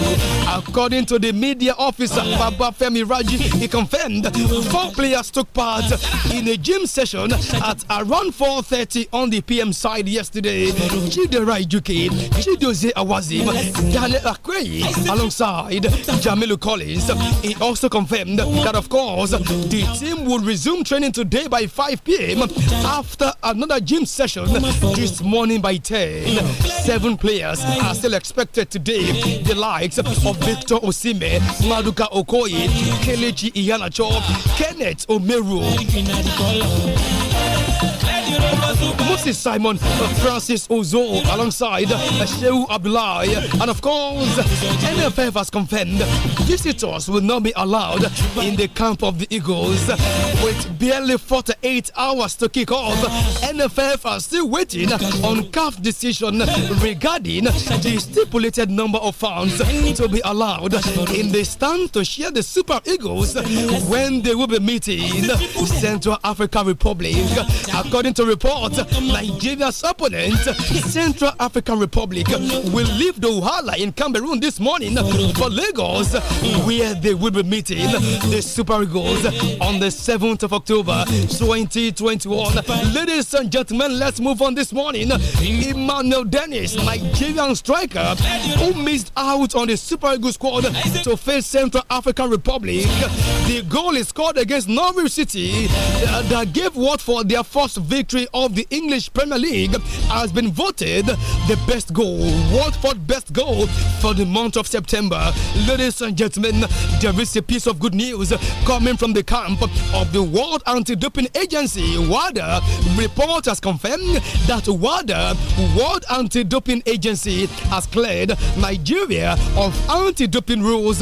According to the media officer Baba Femi Raji, he confirmed four players took part in a gym session at around 4.30 on the PM side yesterday. Chidera Ijuke, Chidoze Awazim, Daniel Akwei alongside Jamilu Collins. He also confirmed that, of course, the team will resume training today by 5 p.m. after another gym session this morning by 10. Seven players are still expected today. The likes of Victor Osime, Maduka Okoye, Kelechi Iheanacho, Kenneth Omeru. Moses Simon, Francis Ozo, alongside Sheu Abdullah, and of course, NFF has confirmed visitors will not be allowed in the camp of the Eagles. With barely 48 hours to kick off, NFF are still waiting on CAF decision regarding the stipulated number of fans to be allowed in the stand to share the Super Eagles when they will be meeting Central African Republic. According to report, Nigeria's opponent, Central African Republic, will leave Douala in Cameroon this morning for Lagos, where they will be meeting the Super Eagles on the 7th of October 2021. Ladies and gentlemen, let's move on this morning. Emmanuel Dennis, Nigerian striker, who missed out on the Super Eagles squad to face Central African Republic. The goal is scored against Norwich City uh, that gave what for their first victory history of the English Premier League has been voted the best goal, Watford best goal for the month of September. Ladies and gentlemen, there is a piece of good news coming from the camp of the World Anti-Doping Agency, WADA. Report has confirmed that WADA, World Anti-Doping Agency, has cleared Nigeria of anti-doping rules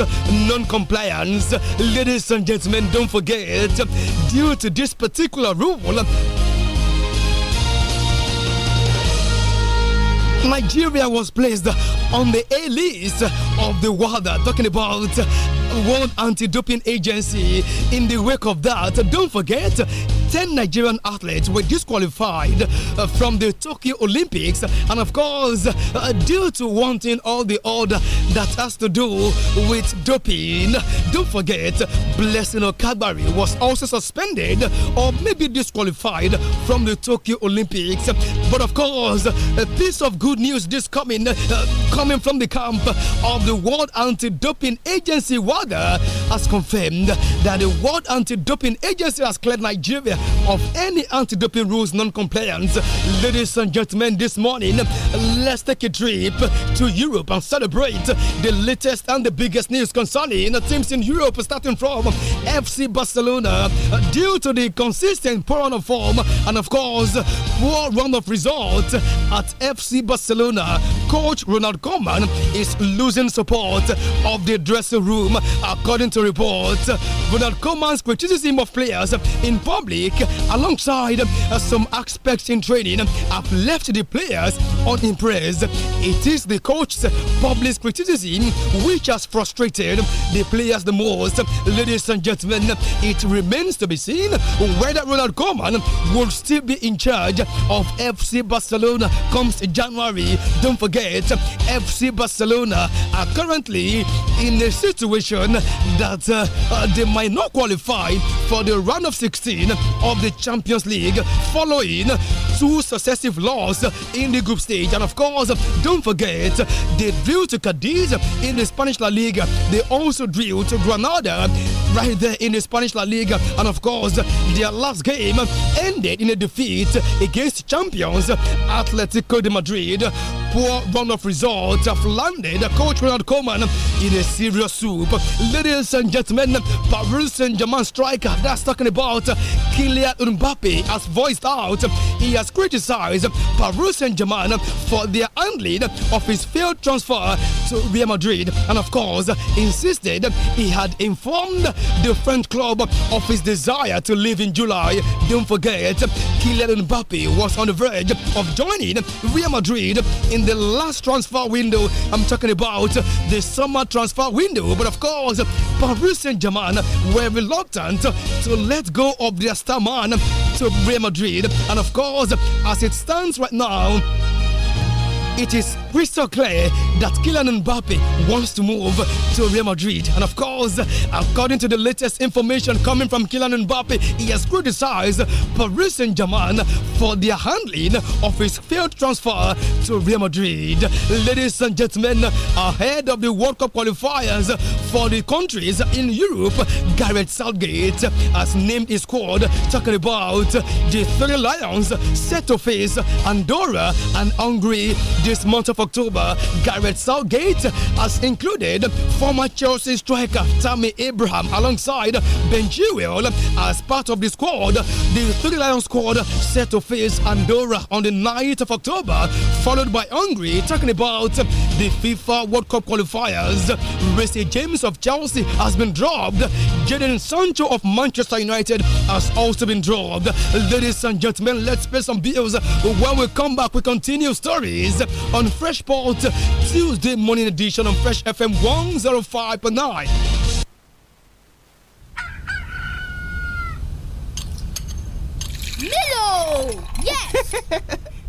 non-compliance. Ladies and gentlemen, don't forget, due to this particular rule, Nigeria was placed on the A list of the world, talking about World Anti-Doping Agency. In the wake of that, don't forget, 10 Nigerian athletes were disqualified uh, from the Tokyo Olympics, and of course, uh, due to wanting all the order that has to do with doping. Don't forget, Blessing Okagbari was also suspended or maybe disqualified from the Tokyo Olympics. But of course, a piece of good news this coming uh, coming from the camp of the World Anti-Doping Agency was has confirmed that the World Anti Doping Agency has cleared Nigeria of any anti doping rules non compliance. Ladies and gentlemen, this morning, let's take a trip to Europe and celebrate the latest and the biggest news concerning teams in Europe, starting from FC Barcelona. Due to the consistent poor run of form and, of course, poor run of results at FC Barcelona, coach Ronald Koeman is losing support of the dressing room. According to reports, Ronald Koeman's criticism of players in public, alongside some aspects in training, have left the players unimpressed. It is the coach's public criticism which has frustrated the players the most. Ladies and gentlemen, it remains to be seen whether Ronald Koeman will still be in charge of FC Barcelona comes January. Don't forget, FC Barcelona are currently in a situation that uh, uh, they might not qualify for the round of 16 of the Champions League following two successive losses in the group stage. And of course, don't forget, they drew to Cadiz in the Spanish La Liga. They also drew to Granada right there in the Spanish La Liga. And of course, their last game ended in a defeat against champions Atletico de Madrid poor run of results have landed coach Ronald Coleman in a serious soup. Ladies and gentlemen, Paris and German striker that's talking about Kylian Mbappe has voiced out. He has criticized Paris and German for their handling of his failed transfer to Real Madrid and, of course, insisted he had informed the French club of his desire to leave in July. Don't forget, Kylian Mbappe was on the verge of joining Real Madrid in the last transfer window. I'm talking about the summer transfer window. But of course, Paris Saint Germain were reluctant to let go of their star man to Real Madrid. And of course, as it stands right now, it is crystal clear that Kylian Mbappe wants to move to Real Madrid. And of course, according to the latest information coming from Kylian Mbappe, he has criticized Paris Saint Germain for their handling of his failed transfer to Real Madrid. Ladies and gentlemen, ahead of the World Cup qualifiers for the countries in Europe, Gareth Southgate has named his squad talking about the three Lions set to face Andorra and Hungary this month of October, Gareth Southgate has included former Chelsea striker Tammy Abraham alongside Ben Chilwell as part of the squad. The Three Lions squad set to face Andorra on the 9th of October, followed by Hungary, talking about the FIFA World Cup qualifiers. Racy James of Chelsea has been dropped. Jadon Sancho of Manchester United has also been dropped. Ladies and gentlemen, let's pay some bills. When we come back, we continue stories on Fresh Freshport Tuesday morning edition on Fresh FM 105.9. Milo! Yes!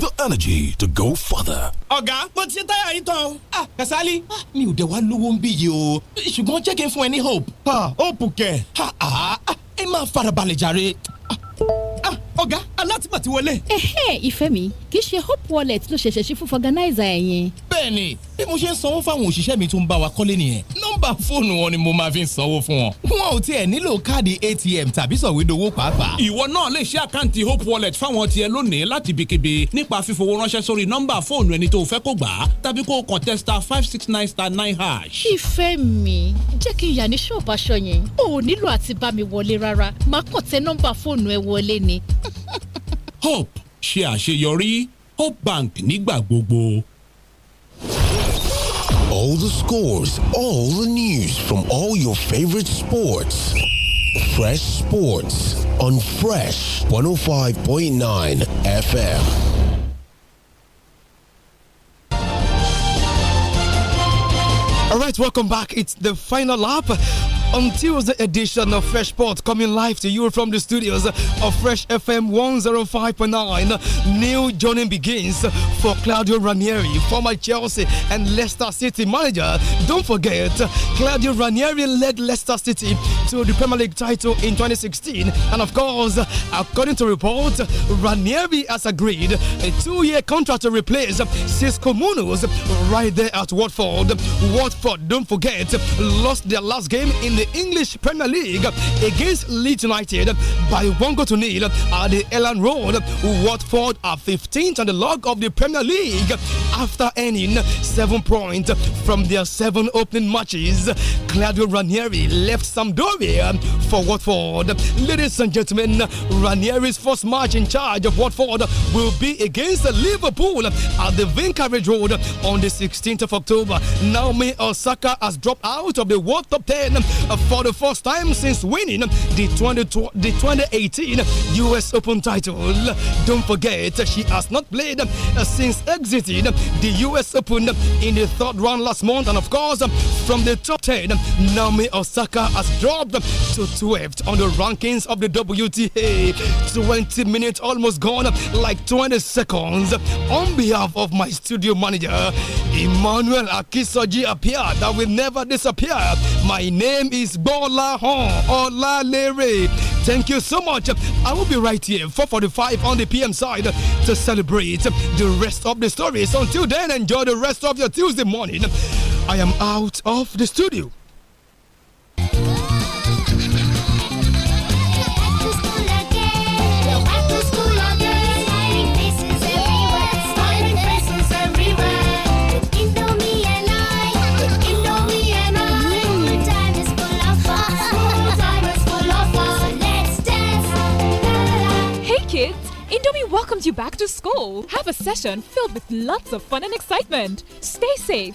the energy to go further. ọ̀gá mo ti ṣe táyà yìí tán o. Ah, Kasali mi ò dẹ̀ wá lówó ń bí yìí o ṣùgbọ́n jẹ́ kí n fún ẹ ní hope. hope kẹ̀. ẹ máa farabalẹ̀ jàre ah, ọ̀gá alátìmọ̀ ti wọlé. ẹ̀hẹ́ ìfẹ́ mi kì í ṣe hope wallet ló ṣẹ̀ṣẹ̀ ṣí fún fọganáìsà ẹ̀ yẹn. bẹ́ẹ̀ni bí mo ṣe ń sanwó fáwọn òṣìṣẹ́ mi tó ń bá wa kọ́lé nìyẹn. no nọ́mbà fóònù wọn ni mo máa fi ń sanwó fún wọn. wọn ò tiẹ̀ nílò káàdì atm tàbí sọ̀wédowó pàápàá. ìwọ náà lè ṣe àkáǹtì hope wallet fáwọn tiẹ̀ lónìí láti ibikíbi nípa fífowó ránṣẹ́ sórí nọ́mbà fóònù ẹni tó fẹ́ kó gbà á tàbí kó kàn tẹ star five six nine star nine hash. ìfẹ́ mi jẹ́ kí n yà ní ṣọ́ọ̀bù aṣọ yẹn o ò nílò àti bá mi wọlé rárá máa kàn tẹ nọ́mbà fóònù ẹ wọlé ni. hope ṣe àṣeyọrí hope bank nígbà gbogbo. All the scores, all the news from all your favorite sports. Fresh Sports on Fresh 105.9 FM. All right, welcome back. It's the final lap on Tuesday edition of Fresh Port coming live to you from the studios of Fresh FM 105.9. New journey begins for Claudio Ranieri, former Chelsea and Leicester City manager. Don't forget, Claudio Ranieri led Leicester City to the Premier League title in 2016. And of course, according to reports, Ranieri has agreed a two-year contract to replace Cisco Munoz right there at Watford. Watford, don't forget, lost their last game in the English Premier League against Leeds United by one goal to nil at the Elland Road. Watford are 15th on the log of the Premier League after earning seven points from their seven opening matches. Claudio Ranieri left Sampdoria for Watford. Ladies and gentlemen, Ranieri's first match in charge of Watford will be against Liverpool at the Vincarage Road on the 16th of October. Me Osaka has dropped out of the World Top 10 for the first time since winning the, 20, the 2018 US Open title. Don't forget, she has not played uh, since exiting the US Open in the third round last month. And of course, from the top 10, Naomi Osaka has dropped to 12th on the rankings of the WTA. 20 minutes almost gone, like 20 seconds. On behalf of my studio manager, Emmanuel Akisoji appeared that will never disappear. My name is is Bola Thank you so much. I will be right here 4:45 on the PM side to celebrate the rest of the stories. Until then, enjoy the rest of your Tuesday morning. I am out of the studio. to school. Have a session filled with lots of fun and excitement. Stay safe.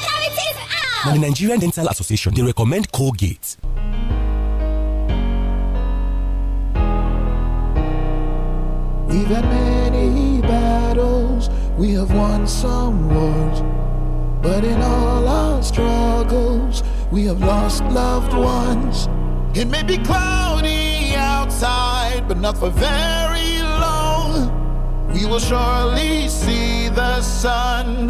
cavities out! Now, the Nigerian Dental Association, they recommend Colgate. We've had many battles, we have won some wars. But in all our struggles, we have lost loved ones. It may be cloudy outside, but not for very long. We will surely see the sun.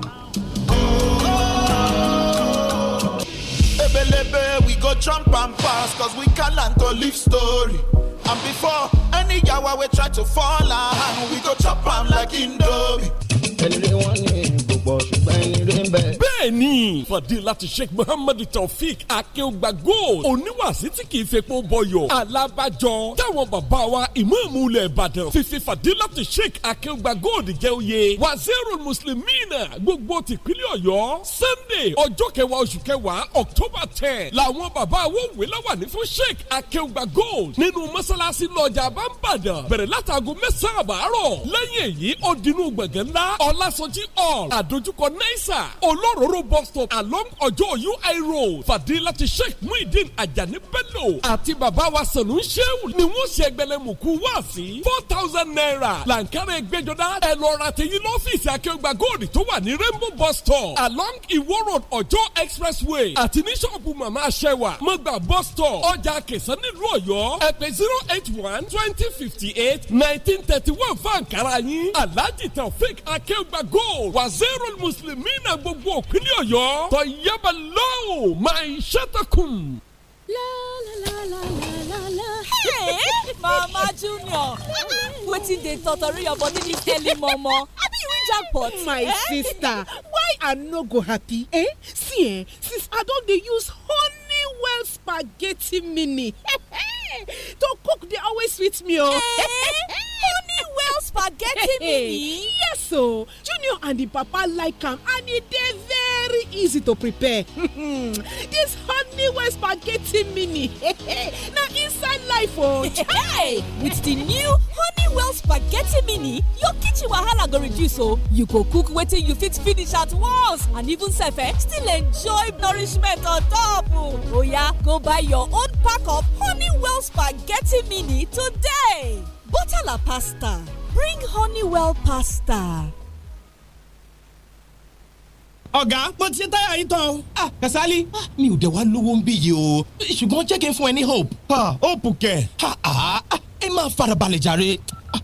we go jump and pass, cause we can learn to live story. And before any yawa we try to fall and we go chop and like Indomie. in the ẹ̀rín rí bẹ́ẹ̀. fadilati sheikh muhammadu taofik akeugba gold oníwàsí tí kì í fepo bọyọ alábàjọ táwọn bàbá wa ìmáàmù ilẹ̀ ìbàdàn fífi fadilati sheikh akeugba gold jẹ́ oyè wazirul muslimina gbogbo tìpínlẹ̀ ọ̀yọ́ sunday ọjọ́ kẹwàá oṣù kẹwàá october ten làwọn bàbá wo wé láwà ní fún sheikh akeugba gold nínú mọ́sálásí lọ́jà àbámbàdàn bẹ̀rẹ̀ látàgọ́ mẹ́sàn-án àbárọ̀ lẹ́yìn èyí ó dinú gbọ̀ngàn ńlá ọlásọjí hall àdójúkọ náà Aisa olóróró bus stop along ọjọ́ UI road fadilati sheikh muhyiddin ajani bello àti bàbá wa sanu sheu ni wọ́n ṣe ẹgbẹ̀lẹ́mùkú wá sí four thousand naira làǹkàrẹ̀ gbẹjọdá ẹ lọ ra tẹ̀yìn lọ́fíìsì akéwàgbà gold tó wà ní rainbow bus stop along iwo road ọjọ́ expressway àti ní ṣọ́ọ̀bù màmá aṣẹ́wà mọ́gbà bus stop ọjà kẹsàn-án nílùú ọ̀yọ́ ẹ zero eight one twenty fifty eight nineteen thirty one fún àǹkàrà yín alhaji taofik akéwàgbà gold zero muslim gómìnà gbogbo ìpínlẹ̀ ọ̀yọ́ tọ̀yẹ́bà lọ́wọ́ máa ń ṣàtàkùn. mama junior wetin dey totori your body dis early momo abi you win jackpot. my eh? sister why i no go happy eh? see eh, since i don dey use honeywell spaghetti mini. to cook dey always sweet me o. Oh. Eh? only spaghetti me yes o oh. junior and the papa like am and e dey very easy to prepare dis honey well spaghetti mini na inside life o oh, hey, with di new honeywell spaghetti mini your kitchen wahala go reduce o oh. you go cook wetin you fit finish at once and even sef eh, still enjoy nourishment on top Oh yeah, go buy your own pack of honeywell spaghetti mini today butter la pasta bring honeywell pasta ọ̀gá mo ti ṣe táyà yìí tán o. ah Kasali ah, mi ò dẹ̀ wá lówó ń bí yìí o ṣùgbọ́n jẹ́ kí n fún ẹ ní hope. Ah, hope kẹ̀ ẹ máa farabalẹ̀ jàre. Ah,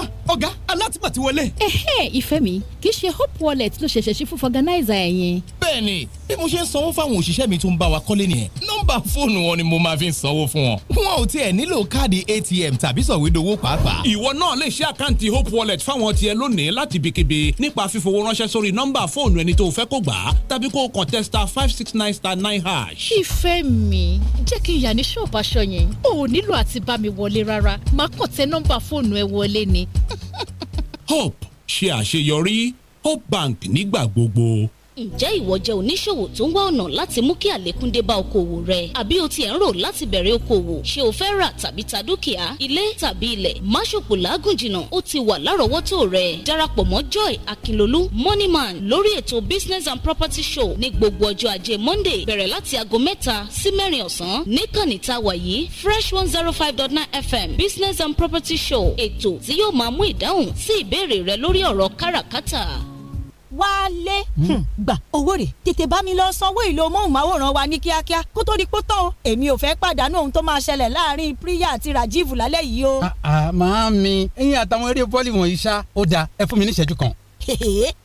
ah ọ̀gá alátìmọ̀ ti wọlé. ẹ̀hẹ́ ìfẹ́ mi kì í ṣe hope wallet ló ṣẹ̀ṣẹ̀ ṣí fún fọganáìzà ẹ̀ yẹn. bẹ́ẹ̀ni bí mo ṣe ń sanwó fáwọn òṣìṣẹ́ mi tó ń bá wa kọ́lé nìyẹn nọ́mbà fóònù wọn ni mo máa fi ń sanwó fún wọn. wọn ò tiẹ̀ nílò káàdì atm tàbí sọ̀wédowó pàápàá. ìwọ náà lè ṣe àkáǹtì hope wallet fáwọn tiẹ̀ lónìí láti ibikíbi nípa fífowó ránṣẹ́ sórí nọ́mbà fóònù ẹni tó fẹ́ kó gbà á tàbí kó kàn tẹ five six nine star nine hash. ìfẹ́ mi jẹ́ kí n yà ní ṣọ́ọ̀bù aṣọ yẹn o ò nílò àti bá mi wọlé rárá màá kàn tẹ nọ́mbà fóònù ẹ wọlé ni hope ṣe àṣeyọrí hope bank nígbà gbogbo ǹjẹ́ ìwọ jẹ́ oníṣòwò tó ń wá ọ̀nà láti mú kí àlékún dé bá okòwò rẹ àbí o tiẹ̀ ń rò láti bẹ̀rẹ̀ okòwò ṣé o fẹ́ rà tàbí ta dúkìá ilé tàbí ilẹ̀ má ṣòpò làágùn jìnnà ó ti wà lárọ̀ọ́wọ́tò rẹ darapọ̀ mọ́ Joy Akinlolú Money Man lórí ètò business and property show ní gbogbo ọjọ́ ajé Monday bẹ̀rẹ̀ láti aago mẹ́ta sí mẹ́rin ọ̀sán níkànnì tá a fresh one zero five dot nine FM business and property show ètò tí yóò máa mú ìdáhùn sí ìbéèrè rẹ lórí ọ̀rọ̀ káràkátà wálé hmm, gbà owó rẹ̀ tètè bá mi lọ sanwó ìlò móhùnmáwòrán wa ní kíákíá kó tó di pé tán o èmi ò fẹ́ pàdánù ohun tó máa ṣẹlẹ̀ láàrin Priya àti Rajiv lálẹ́ yìí o. Ah, ah, màámi ẹ̀yin àtàwọn eré bọ́ọ̀lì wọ̀nyí ṣá ó dáa ẹ fún mi ní ìṣẹ́jú kan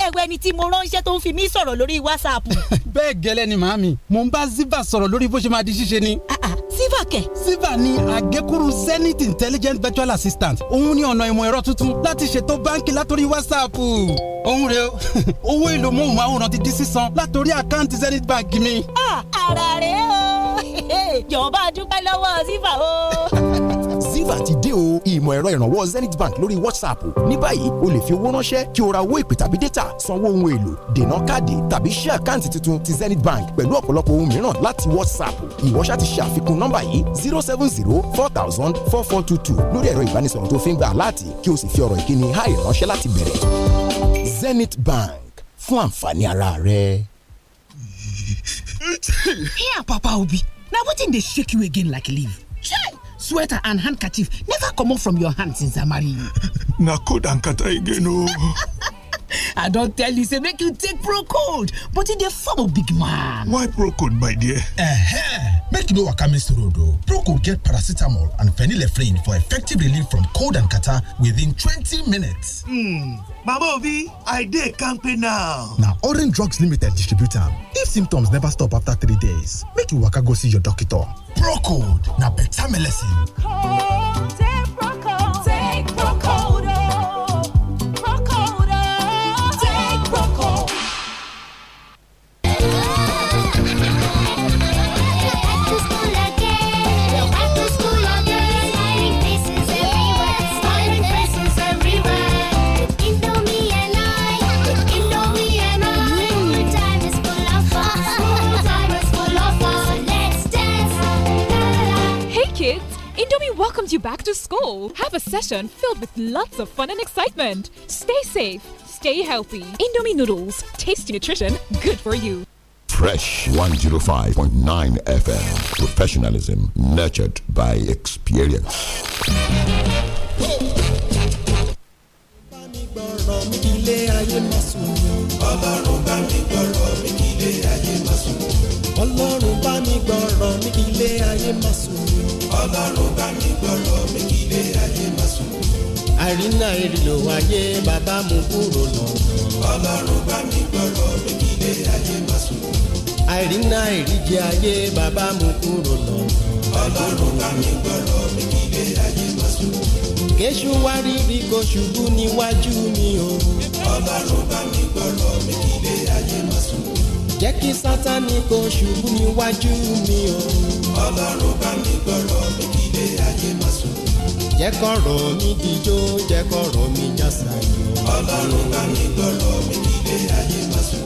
ẹgbẹ́ ni tí mo ránṣẹ́ tó ń fi mí sọ̀rọ̀ lórí wásaapù. bẹ́ẹ̀ gẹ́lẹ́ ni màámi mo ń bá ziba sọ̀rọ̀ lórí bó ṣe máa di ṣíṣe ni. Ah, Siva kẹ̀. Siva ni àgékúrú zenith intelligent virtual assistant òun ni ọ̀nà ìmọ̀ ẹ̀rọ tuntun láti ṣètò báńkì látòrí whatsapp òun rèé owó èlò móhùnmáwòrán ti di sísan látòrí àkáǹtì zenith bank mi. àrà ah, rèé o jọ̀ọ́ bá dúpẹ́ lọ́wọ́ sífà o. gbà ti dé o ìmọ̀ ẹ̀rọ ìrànwọ́ Zenith Bank lórí WhatsApp ní báyìí o lè fi owó ránṣẹ́ kí o ra owó ìpè tàbí data sanwó ohun èlò dènà káàdì tàbí ṣí àkáǹtì tuntun ti Zenith Bank pẹ̀lú ọ̀pọ̀lọpọ̀ ohun mìíràn láti WhatsApp ìwọ ṣá ti ṣàfikún nọ́mbà yìí zero seven zero four thousand four four two two lórí ẹ̀rọ ìbánisọ̀rọ̀ tó fi ń gba aláàtì kí o sì fi ọ̀rọ̀ ìkíni háì ránṣẹ́ láti bẹ̀rẹ̀ Zenith Bank fún àǹfààní ara rẹ. Here, Papa Obi, now wetin dey shake you again like leaf? sweater and handkerchief never come off from your hands since i married you na cold and kata again o. i don't tell you say make you take pro but e dey form of big man why pro my dear eh make you no waka miss road o pro get paracetamol and phenylephrine for effective relief from cold and catarrh within 20 minutes hmm mama Ovi, i dey campaign now Now orange drugs limited distributor. if symptoms never stop after three days make you waka go see your doctor pro code na beta melecine welcomes you back to school. Have a session filled with lots of fun and excitement. Stay safe, stay healthy. Indomie noodles, tasty nutrition, good for you. Fresh 105.9 FM. Professionalism nurtured by experience. ọlọ́run bá mi ilé ayé sùn. ọlọ́run bá mi gbọ́rọ̀ mi kí ilé ayé máa sùn. àrínà èrìlò ayé bàbá mú kúrò lọ. ọlọ́run bá mi gbọ́rọ̀ mi kí ilé ayé máa sùn. àrínà ìríjẹ ayé bàbá mú kúrò lọ. ọlọ́run bá mi gbọ́rọ̀ mi kí ilé ayé máa sùn. kéṣù wá rírí kó ṣubú níwájú mi o. ọlọ́run bá mi gbọ́rọ̀ mi kí ilé ayé máa sùn jẹ́ kí sátani kò ṣubú níwájú mi o. ọlọ́run bá mi gbọ́rọ̀ mi kí lè ayé má sùn. jẹ́ kọ́rọ̀ mi dijó jẹ́ kọ́rọ̀ mi jásàyò. ọlọ́run bá mi gbọ́rọ̀ mi kí lè ayé má sùn.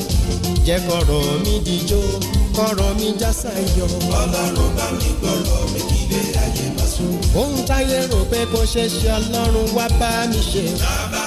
jẹ́ kọ́rọ̀ mi dijó kọ́rọ̀ mi jásàyò. ọlọ́run bá mi gbọ́rọ̀ mi kí lè ayé má sùn. ohun táyé rò pé kò ṣeé ṣe ọlọ́run wá bá mi ṣe. bàbá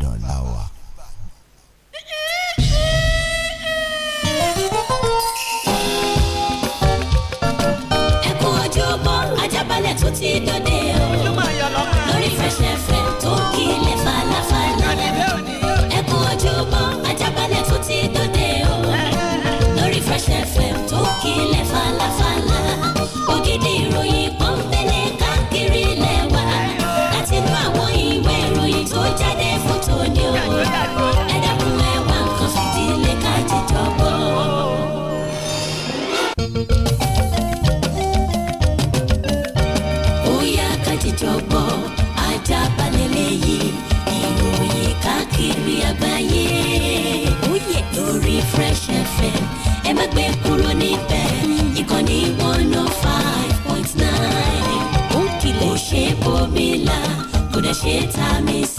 fítámì C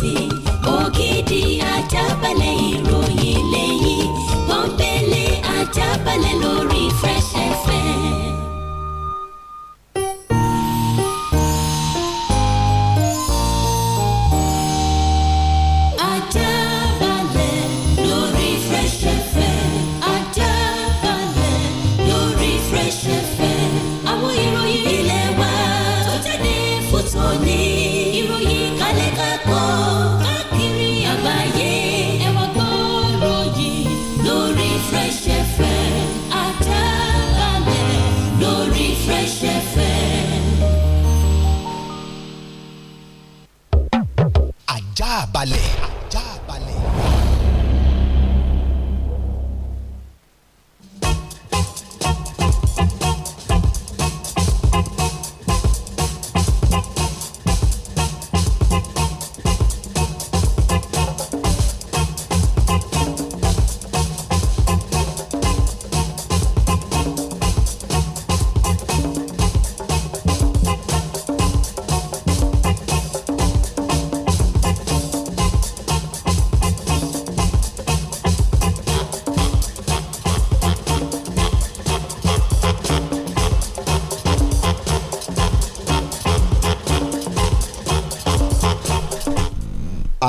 ògidì ajábalẹ̀ ìròyìn.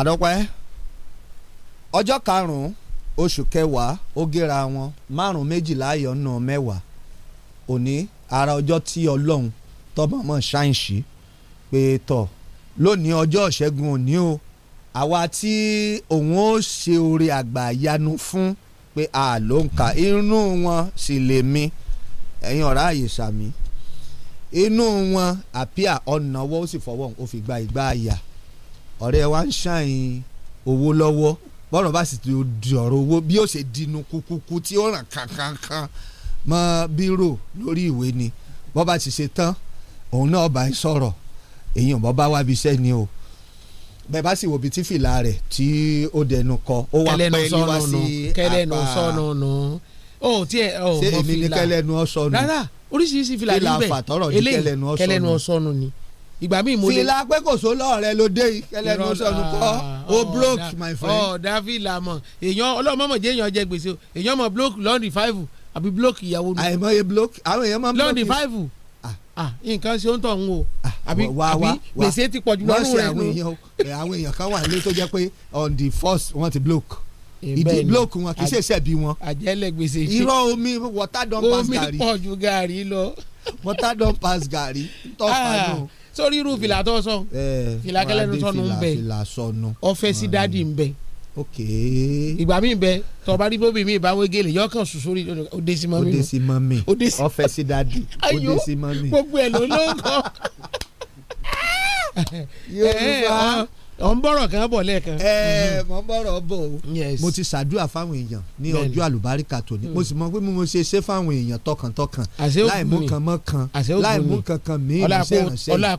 àdọ́pẹ́ ọjọ́ karùn-ún oṣù kẹwàá ó gẹ́ra wọn márùn méjìlá ayọ̀ mẹ́wàá òní ara ọjọ́ tí ọlọ́run tọ́mọ̀ mọ̀ ṣáìnsì pé tọ̀ lónìí ọjọ́ ìṣẹ́gun òní o àwa tí òun ó ṣe oore àgbà yanu fún pé a ló ń kà inú wọn sì lè mi ẹ̀yin ọ̀rá àyè sàmì inú wọn àpíà ọ̀nà ọwọ́ ó sì fọwọ́ ó fi gba ìgbà àyà ọ̀rẹ́ wa ń ṣàyìn owó lọ́wọ́ bọ́ọ̀rọ̀ bá sì di ọ̀rọ̀ owó bí ó ṣe dinu kukuku tí ó ràn kankankan mọ́ bírò lórí ìwé ni bọ́ bá ti ṣe tán òun náà bá ń sọ̀rọ̀ èyí ò bá wá bí iṣẹ́ ni o bẹ́ẹ̀ bá sì wò bí tí fìlà rẹ̀ tí ó dẹnu kọ ó wá pẹ́ níwá sí apá kẹlẹ́nu sọ́nù nù ó tiẹ̀ ó mọ fìlà rárá oríṣiríṣi fìlà níbẹ̀ eléyìí kẹlẹ́nu ọ̀sọ́nù ni ìgbà míì mo lè. fìlà pé kò só lọ́ọ̀rẹ́ ló dé ẹlẹ́nu sọ̀nù ah, kọ́ o ah, broke my friend. ọ̀ dáfí làmọ̀ èèyàn ọlọ́mọ̀mọ̀jẹ́ èèyàn jẹ gbèsè o èèyàn mọ̀ block lọ́ọ̀dì five àbí block ìyàwó mi. àìmọye block àwọn èèyàn máa ń block lọ́ọ̀dì five ah. nǹkan ṣe ń tọ̀ ń o àbí gbèsè ti pọ̀ jù lọ́rùn rẹ̀ nù. àwọn èèyàn kan wà nílé tó jẹ́ pé on the first wọ́n ti block eh, ìdí blọọkù wọn kì í ṣèṣe bí wọn. àjẹlẹ gbèsè ṣe irọ́ omi water don pass gari omi pọ̀ ju gari lọ. water sórí irú fìlà tó sọ eh, fìlà kẹlẹ́nu sọnù ń bẹ ọfẹ́ sí dádì ń bẹ ìgbà mi bẹ tọba ní bóbi mi ìbáwé gèlè yọ kàn sùn sórí odesi mami odesi mami ọfẹ́ sí dádì odesi mami gbogbo ẹ ló ló ń kọ. yorùbá eh, ọ̀ ń bọ̀rọ̀ kan bọ̀ lẹ́ẹ̀kan. ẹ mọ̀ mhm. ń bọ̀rọ̀ bọ̀ o. mo ti ṣàdúrà fáwọn èèyàn ní ọjọ́ àlùbáríkà tòní mo sì mọ pé mo ṣe ṣe fáwọn èèyàn tọkàntọkàn láì mú kan mọ́ kan láì mú kankan míì ṣe ránṣẹ́ ọlá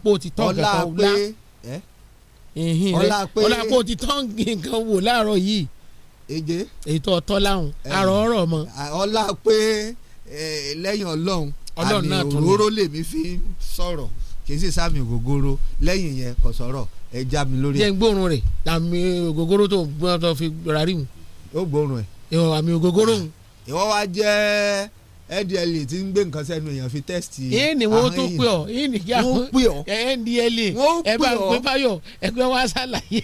pé ọlá pé ó ti tán nǹkan wò láàárọ̀ yìí èjé ètò ọ̀tọ́ láhùn àrọ̀ ọ̀rọ̀ mọ́. ọlá pé lẹ́yìn ọlọ́run àmì òróró lèmi fi sọ̀rọ̀ kì í sì sáàmì ògógóró lẹ́yìn yẹn kò sọ̀rọ̀ ẹ já mi lórí ẹ. jẹ́ n gbóòórùn rẹ̀ àmì ògógóró tó gbọ́n tó fi rárí mu. ó gbóòórùn ẹ̀. ìwọ àmì ògógóró mu. ìwọ wa jẹ́ ndla tí ń gbé nǹkan sẹ́nu èèyàn fi test. yìí ni wọ́n tún pè ọ́ yìí ni kí àwọn ndla ẹ bá gbé báyọ̀ ẹgbẹ́ wa ṣàlàyé.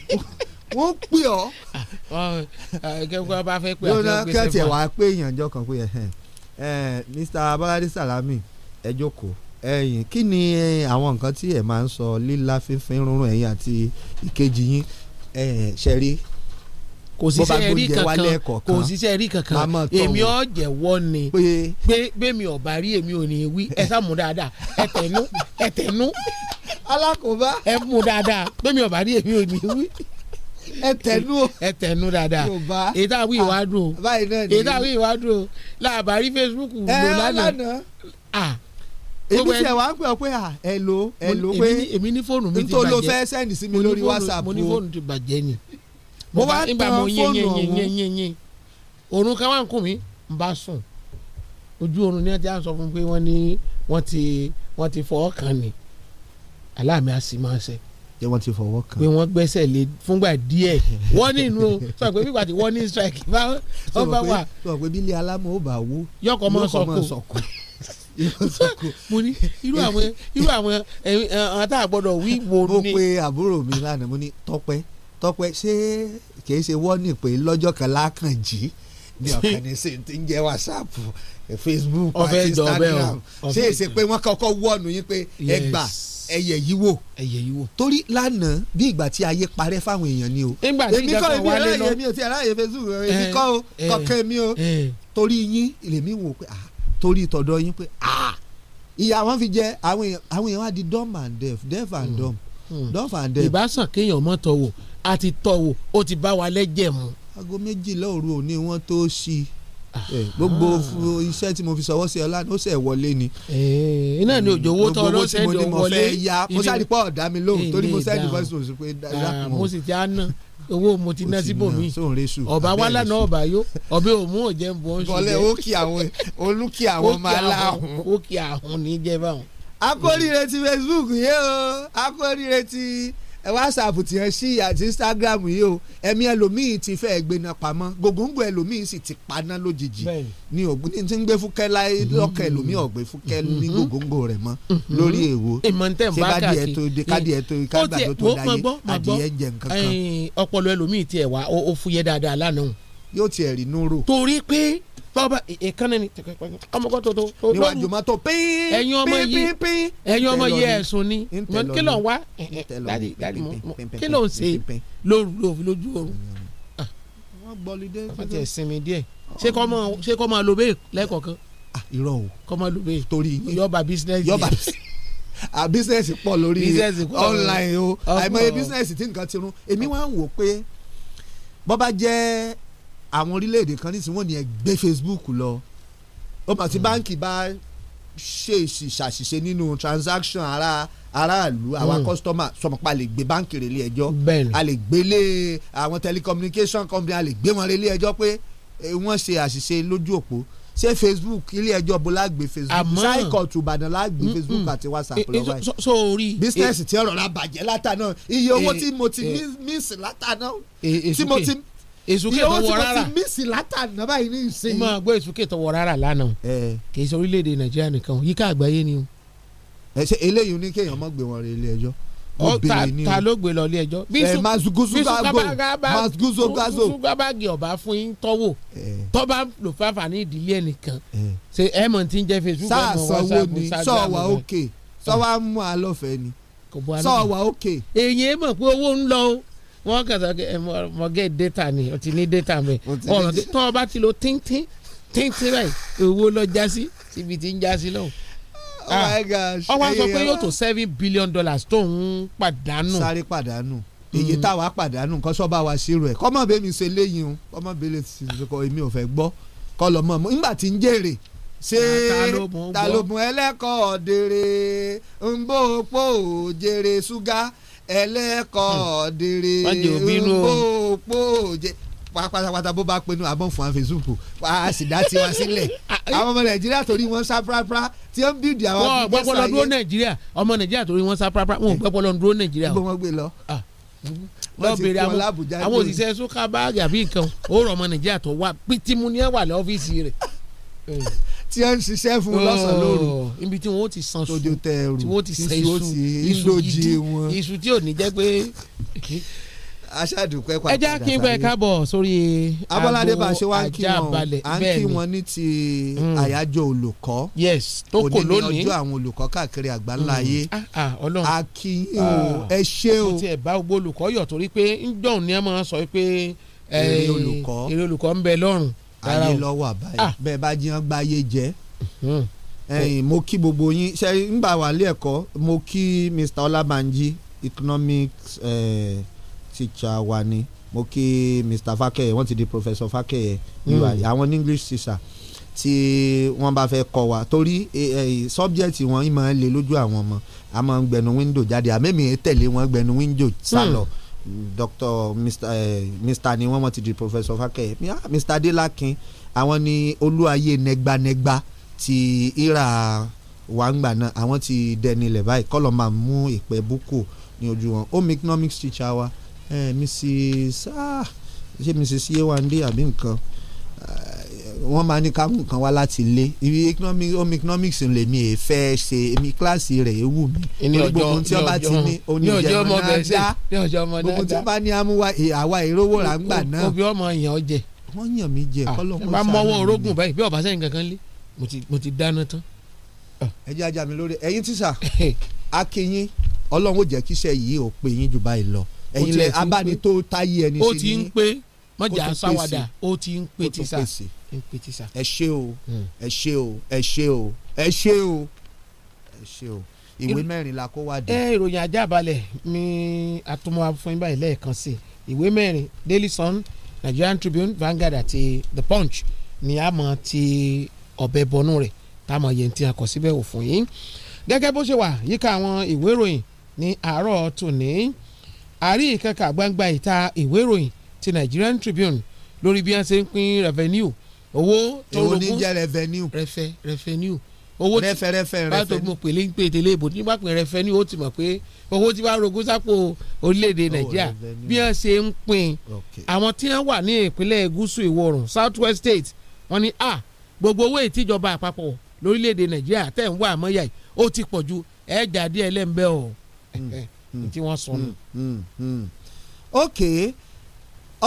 wọ́n pè ọ́. kẹ́kọ̀ọ́ bá fẹ́ pè àti ọgbẹ́sẹ̀ fún ọ. kẹ́tì ẹ̀ wá pé èèyàn jọ kan pé ẹ̀ Mr. Abolade Salami ẹ jókòó ẹ̀yin kí ni àwọn nǹkan tí ẹ máa ń sọ lílá fínfín rúnrún ẹ̀yin àti ìkejì yín ṣẹ̀rí kò síṣẹ́ ẹ̀rí kankan kò síṣẹ́ ẹ̀rí kankan èmi ọ̀ jẹ̀wọ́ ni pé bẹ́ẹ̀mi ọ̀bá rí èmi ò ní wí ẹ sàmú dáadáa ẹ tẹ̀nú ẹ tẹ̀nú alákòóbá ẹ mú dáadáa bẹ́ẹ̀mi ọ̀bá rí èmi ò ní wí ẹ tẹnu o ẹ tẹnu dáadáa èyí tá a ìwádùn ah, o èyí ìwádùn làbárí Facebook lò lánàá èmi tiẹ̀ wá ń pè ọ́ pé à ẹ lò ẹ lò pé èmi ní fóònù mi ti bàjẹ́ nítorí o fẹ́ sẹ́ndì sí mi lórí whatsapp o mo ní fóònù ti bàjẹ́ ni mo wá tan fóònù ọ̀hún òrùn kan wà ń kùn mí n bá sùn ojú oorun ni wọ́n ti á sọ fún mi pé wọ́n ní wọ́n ti wọ́n ti fọwọ́ kan ni aláàmì àsì máa ṣe jẹ́ wọ́n ti fọwọ́ kan. pé wọ́n gbẹ́sẹ̀ lé fúngbà díẹ̀ wọ́n ní inú sọ pé bí wàtí wọ́n ní strike bá wọ́n bá wà. sọ pé bílẹ̀ alámọ̀ ó bá wó yọkọ̀ mọ́ sọ̀kò mo ní irú àwọn irú àwọn ẹ̀hán tá a gbọ́dọ̀ wí wo ni. mo pe àbúrò mi lánàá mo ní tọpẹ tọpẹ ṣé kìí ṣe wọ́ọ̀nì pé lọ́jọ́ kan lákànjì ní ọ̀kan ní ṣe ti ń jẹ́ whatsapp facebook instagram ṣé èsè pé wọ́n kọ́kọ́ wọ́ọ̀nù yín pé ẹ gbà ẹyẹ yìí wò ẹyẹ yìí wò torí lánàá bí ìgbà tí ayé parẹ́ fáwọn èèyàn ni o èmi kọ́ èmi aláyè mi ò ti aláyè facebook èmi kọ́ kọ́kẹ́ mi o torí yín lèmi wò pé ah torí tọ̀dọ̀ yín pé ìyá wọn fi jẹ àwọn èèyàn àwọn èèyàn wá di dumb and deaf deaf and hmm. dumb hmm. dumb and deaf. ìbásàn kéèyàn mọ́ tọ̀wò àti tọ̀wò ó ti bá wa lẹ́jẹ̀ mu. aago méjìlá òru òní wọ́n tó ṣí i ah. gbogbo iṣẹ́ tí mo fi sọwọ́ sí ọ lánàá ó ṣe wọlé ni. Eh, iná ni hmm. òjò owó tọ́ ló ṣẹ́ni wọlé. gbogbo owó tí mo ní mo fẹ́ ya mo sáré pọ̀ ọ̀dà mi lóhùn torí mo sẹ́ni voice note pé dáadáa. Ah, mo sì ti á ná owó mo ti ná síbò mi ọba wa lánàá ọba yó ọbẹ òmù òjẹ ń bọ ń ṣe. ó kí àwọn olùkí àwọn máa láhùn. ó kí àwọn ní jẹ́ báwọn. akóríire ti Facebook yé o akóríire ti ẹ whatsapp tí ẹ sí àti instagram yìí o ẹ̀mí ẹlòmíì ti fẹ́ gbéná pamọ́ gògóńgò ẹlòmíì sì ti paná lójijì ní ògùn ní ti ń gbé fúkẹ́ láì mm-hmm. lọ́kẹ́ ẹlòmíì ọ̀gbẹ́ fúkẹ́ mm-hmm. ní gògóńgò rẹ̀ mọ́ mm-hmm. lórí èwo ṣé kádìẹ tó de kádìẹ tó kágbàdo tó dáyé adìẹ jẹ nǹkan kan. ọpọlọ ẹlòmíì tiẹ̀ wá ó fúyẹ́ dáadáa lánàá. yóò tiẹ̀ rí núrò. torí pé tọ́ba ìkànnì ni ọmọkọ tó tó tó lọ́wọ́ níwájú máa tó pín ẹ̀yin ọmọ yìí ẹ̀yin ọmọ yìí ẹ̀sùn ni kí ló ń wá kí ló ń ṣe lójú oorun. Mm. Ah. wọ́n ti ẹ̀sìnmi díẹ̀ oh. ṣé kọ́ máa lo bẹ́ẹ̀ lẹ́kọ̀ọ̀kan. Ah, irọ́ o kọ́ máa lo bẹ́ẹ̀ torí yọba business A ah, business pọ̀ lórí online o àìmọye business tí nǹkan ti rún èmi wá ń wò pé bọ́ bá jẹ́ àwọn orílẹ̀-èdè kan nísìnyí wọ́n ní ẹ gbé Facebook lọ ó mà tí hmm. báǹkì bá ṣe ṣàṣìṣe nínú transaction ara aráàlú àwa kọ́sítọ́mà hmm. sọmọpa lè gbé báǹkì rẹ̀ lé ẹjọ́ a lè gbé lé àwọn telecommunication company a lè gbé wọn lé ẹjọ́ pé e, wọ́n ṣe àṣìṣe lójú òpó ṣé facebook ilé ẹjọ́ bó lágbè facebook ṣáìkọ̀tù ìbàdàn lágbè facebook àti whatsapp e, e, lọ́wọ́ yìí business tí ọ̀rọ̀ la bàjẹ́ látà náà iye owó tí mo ti miss látà náà tí mo ti èsùké tó wọ rárá ìyẹwò tí mo ti mísì látàná báyìí ní ìsìn. mo máa gbọ́ èsùké tó wọ rárá lánàá kì í ṣe orílẹ̀-èdè nàìjíríà nìkan yíká àgbáyé ni o. ẹ ṣe eléyìí ní kéèyàn má gbé wọn rè ilé ẹjọ́ ta ló gbé lọ ilé ẹjọ́. masugusu gbàgbé ọba fún yín tọ́wò tọ́ba ló fàfà ní ìdílé ẹnìkan ṣe ẹ mọ̀ tí ń jẹ́ facebook ẹ mọ̀ whatsapp ṣáà wà ókè sọ wa mú alọ́fẹ́ ni sọ wa ókè. èyí ẹ wọ́n kàn sọ pé mo get data ni o ti ní data mi ọ̀rọ̀ tó o ti lo tíntín tíntín báyìí owó lọ já sí síbi tí ń já sí lọ́hùn. Oh ah, ọ sọ pé yóò tó seven billion dollars tó ń pàdánù. sáré pàdánù èyí hmm. táwa pàdánù nǹkan sọ́ba wa ṣírò ẹ̀ kọ́mọ bẹ́ẹ̀ mi ṣe léyìn o kọ́mọ bẹ́ẹ̀ lè ṣe kọ́ èmi ò fẹ́ gbọ́ kọ́ lọ mọ́ nígbà tí ń jèrè ṣé ah, ta ló mú ẹlẹ́kọ̀ọ́ dèrè ń bó o pò jèrè ṣúgà ẹlẹ́kọ̀ọ́dèrè òpó jẹ pátápátá bó bá pinnu àbọ̀ fún àfẹ́sùpù a sì dá tiwa sílẹ̀ àwọn ọmọ nàìjíríà torí wọn sá prapra tí wọn bíìdì àwọn. wọn gbẹpọlọ dúró nàìjíríà ọmọ nàìjíríà torí wọn sá prapra wọn gbẹpọlọ dúró nàìjíríà. gbọ́n wọn gbé lọ. Ah. lọ bèrè àwọn òṣìṣẹ́ sókà báàgì àbí nǹkan ó rọ ọmọ nàìjíríà tó wà pìtìmù ní ẹ̀ wà lọ́fíìsì rẹ̀. tí ẹ ń ṣiṣẹ́ fún un lọ́sàn-án oh, lóru. ibi tí wọ́n ti san sùn tí wọ́n ti san iṣu iṣu gidi iṣu tí ò ní jẹ́ pé. aṣáàdùpẹ́ padà dàbí. ẹ já kí n bẹ káàbọ̀ sórí abolade bá a ṣe wá ń kí wọn à ń kí wọn ní ti hmm. àyájọ́ olùkọ́ yes tó kò lónìí òní ni ọjọ́ àwọn olùkọ́ káàkiri àgbáńlá hmm. ayé ah, ah, a kí o ah. ẹ ṣé o. mo ti ẹ̀ bá gbogbo olùkọ́ yọ̀ torí pé ń jọ̀hún ni ẹ máa sọ pé eré eh, olùkọ́ ń bẹ lọ́rùn ayé lọ́wọ́ àbáyé ah. bẹ́ẹ̀ bá jiyàn gba ayé jẹ́ hmm. ẹ̀yin mo kí gbogbo yín ṣe ń bá wà lé ẹ̀kọ́ mo kí Mr Ọlábànjí economics teacher wa ni mo kí Mr Fakeye wọ́n ti di Professor Fakeye hmm. àwọn mm. English teacher tí wọ́n bá fẹ́ kọ́ wa torí subject wọn yìí máa ń le lójú àwọn ọmọ a máa ń gbẹnu window jáde àmẹ́mi tẹ̀lé wọn gbẹnu window sálọ. Hmm. Mm doctor mr eh, mr ni wọ́n mọ̀ ti di professor Fakeye mr ah, Adelakin àwọn ni olúwayé nẹgbanẹgba ti ira wàǹgbà náà àwọn ti dẹni ilẹ̀ báyìí kọ́lọ̀ máa mú ìpẹ́ búkù ní ojú wọn home economics teacher wa eh, mrs ah, ṣé mrs yewande àbí nǹkan wọ́n máa ní kámú kan wá láti ilé ibi economic home economics lè mi è fẹ́ ṣe èmi kíláàsì rẹ̀ é wù mí onígbòkun tí wọ́n bá ti ní oníjẹun náà dá gbogbo tí wọ́n bá ní amúwa àwa ìrówó rà ń gbà náà. obì ọmọ yàn ọ jẹ. wọ́n yàn mí jẹ ah, kọ́lọ́kọ́ sáré. bá mọ́wọ́ orógùn báyìí bí ọ̀bá sẹ́yìn kankan lé mo ti dáná tán. Ah. ẹ jẹ́ ajá mi lórí ẹ̀yin tíṣà akínyín ọlọ́run ò jẹ́ kíṣẹ́ yìí ò pé yín jù báyìí lọ ẹ̀yin lẹ abánitó táyé ẹni sí ní ó ti ń pé mọ̀jà sáwádà ó ti ń pé tíṣà ẹ ṣé o hmm. ẹ ṣé o ẹ ṣé o ẹ ṣé o ẹ ṣé o ìwé mẹ́rin la kó wá dé. ẹ ìròyìn àjàbalẹ̀ mi àtúmọ̀ fún yín báyìí lẹ́ẹ̀kan sí ìwé mẹ́rin Daily Sun Nigerian Tribune Vanguard àti The Punch ni a mọ̀ ti ọ̀bẹ bọnú rẹ̀ tá a mọ̀ yẹn ti àkọ́ síbẹ̀ wò fún yín gẹ́gẹ́ bó ṣe wà yíká àwọn ìwé ìròyìn ní àárọ̀ tòní àrí ìkẹ́kẹ́ àgbangba ìta ìwé ìròyìn ti Nigerian Tribune lórí bí wọ́n ṣe ń pín revenue owó tó rogún èwo ní jẹ́ revenue refe revenue owó tí refe refe refe bá tó mọ pèlè ń pè tẹ́lẹ̀ ìbò tí bá pè revenue ó ti mọ̀ pé owó tí bá rogún sápò orílẹ̀-èdè oh, nàìjíríà bí wọ́n ṣe ń pín àwọn tí wọ́n wà ní ìpínlẹ̀ gúúsù ìwọ̀ oòrùn south west state wọ́n ní a gbogbo owó ìtìjọba àpapọ̀ lórílẹ̀-èdè nàìjíríà tẹ̀ ń wá àmọ́yà yìí ó ti pọ̀ ju ẹ̀ẹ́dà díẹ̀ lẹ́ńbẹ́ ọ̀ hmm. tí wọ́n sọ nù. Hmm, hmm, okay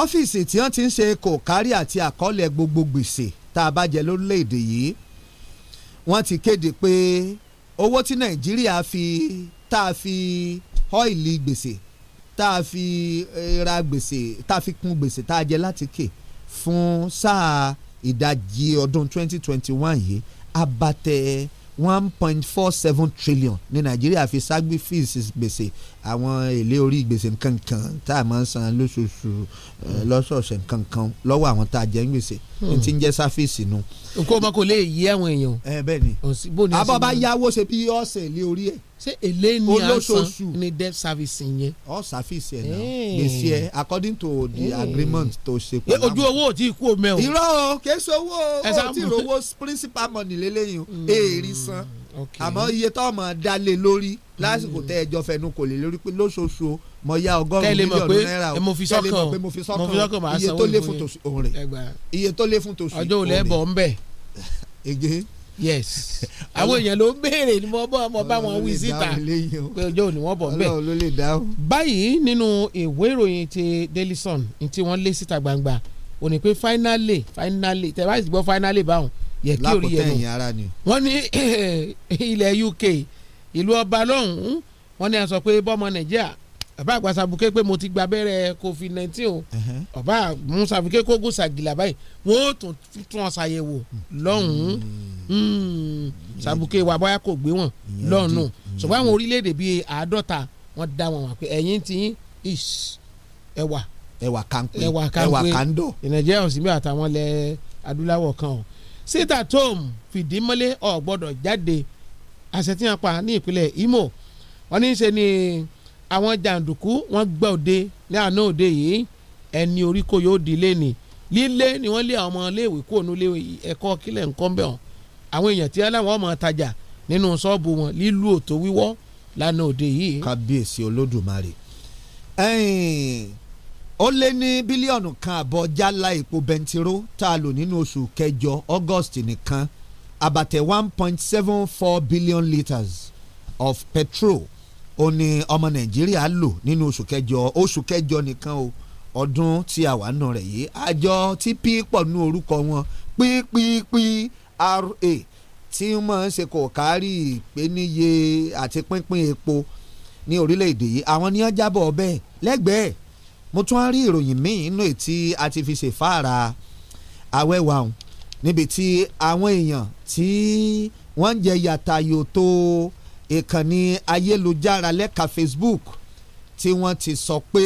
ọ́fíìsì tí wọ́n ti ń ṣe kò kárí àti àkọọ́lẹ̀ gbogbo gbèsè tá a bá jẹ lórílẹ̀‐èdè yìí wọ́n ti kéde pé owó tí nàìjíríà fi tá a fi ọ́ìlì gbèsè tá a fi eh, ra gbèsè tá a fi kún gbèsè tá a jẹ láti kè fún sáà ìdajì ọdún 2021 yìí abatẹ one point four seven trillion ní nàìjíríà fi ságbí fíìsì gbèsè àwọn èlé orí gbèsè nkankan tá a máa ń san lóṣooṣù lọ́sọ̀ọ̀sẹ̀ nkankan lọ́wọ́ àwọn tá a jẹ́ ń gbèsè hmm. n ti ń jẹ́ sáfíìsì nu. nǹkan ọmọ kò lè yí àwọn èèyàn. ẹ bẹ́ẹ̀ ni àbọ̀ yáwó ṣe bí ọ̀sẹ̀ èlé orí ẹ̀. ṣé èlé ni a san ni debt service yẹn. ọ sáfíìsì ẹ̀ náà eh. gbèsè ẹ̀ according to the eh. agreement tó ṣe eh, pẹ̀lú ojú owó ò tí kú omi ẹ̀ o. irọ́ o kèsì owó o ti rówó principal money lélẹ́yìn o hmm, san àmọ́ iye tó ọmọ dalé lórí lásìkò tẹ ẹjọ fẹnu kò lè lórí pé lóṣooṣù mo yá ọgọ́rùn-ún náírà o tẹ́lẹ̀ mọ̀ pé mo fi sọ́kàn iye tó lé fún tòṣù òun rẹ̀ iye tó lé fún tòṣù òun rẹ̀ ọjọ́ òlẹ̀ bọ̀ ń bẹ̀. ege. yes àwọn èèyàn ló ń béèrè ni mo bọ́ ọmọ bá wọn wí síta pé ọjọ́ òní wọ́n bọ̀ ń bẹ̀. báyìí nínú ìwé ìròyìn ti Daily Sun tí wọ́n lé síta gbangba ò ní pé finally finally tẹ̀ bá sì gbọ́ finally báwọn yẹ kí orí yẹn nù wọ́n ní ilẹ̀ UK ìlú ọba lọ́hùn-ún wọ́n a sọ pé bọ́mọ nàìjíríà ọba àgbàsàbùkẹ́ pé mo ti gba abẹ́rẹ́ covid nineteen o ọba àmúṣàbùkẹ́ kó gùn ṣàgìlà báyìí wọ́n ó tún tún wọn ṣàyẹ̀wò lọ́hùn-ún hmm. ṣàbùkẹ́ wa bóyá kò gbé wọn lọ́hùn-ún ṣùgbọ́n àwọn orílẹ̀-èdè bíi àádọ́ta wọ́n dá wọn wà pé ẹ̀yìn ti ẹwà ẹwà kanpe ẹwà kanpe kando ìnàjẹ́ ọ̀sìnbí àtàwọn ilẹ̀ adúláwọ̀ kan o sita tom home fìdí mọ́lé ọ̀ gbọ́dọ̀ jáde àṣẹ tí wọ́n pa ní ìpínlẹ̀ Imo wọ́n ní í ṣe ni àwọn jàǹdùkú wọ́n gbẹ́ òde ní àná òde yìí ẹni orí kò yóò di lẹ́ni lílé ni wọ́n lé àwọn ọmọ iléèwé kúrò nílé ẹ̀kọ́ kílẹ̀ ńkọ́ bẹ̀ wọ́n àwọn èèyàn tí wọ́n láwọn ọmọ tajà nínú ṣọ́ọ̀bù wọn lílù òtó wíwọ́ lánàá òde yìí. kábíyèsí olódùmarè ó lé ní bílíọ̀nù kan àbọ̀ jálá epo bẹntiró tá a lò nínú oṣù kẹjọ August nìkan about one point seven four billion litres of petrol ó ní ọmọ nàìjíríà lò nínú oṣù kẹjọ oṣù kẹjọ nìkan o ọdún tí a wà nù rẹ̀ yìí àjọ tí pípọ̀ nú orúkọ wọn pppra tí wọ́n ṣe kò kárí ìpèníye àti pínpín epo ní orílẹ̀-èdè yìí àwọn ni wọ́n jábọ̀ bẹ́ẹ̀ lẹ́gbẹ̀ẹ́ mo tún á rí ìròyìn míì nínú ètí àti fi ṣèfáàrà awẹ́wàhùn níbi tí àwọn èèyàn tí wọ́n ń jẹ yàtà yòótó ìkànnì ayélujára lẹ́ka Facebook tí wọ́n ti sọ pé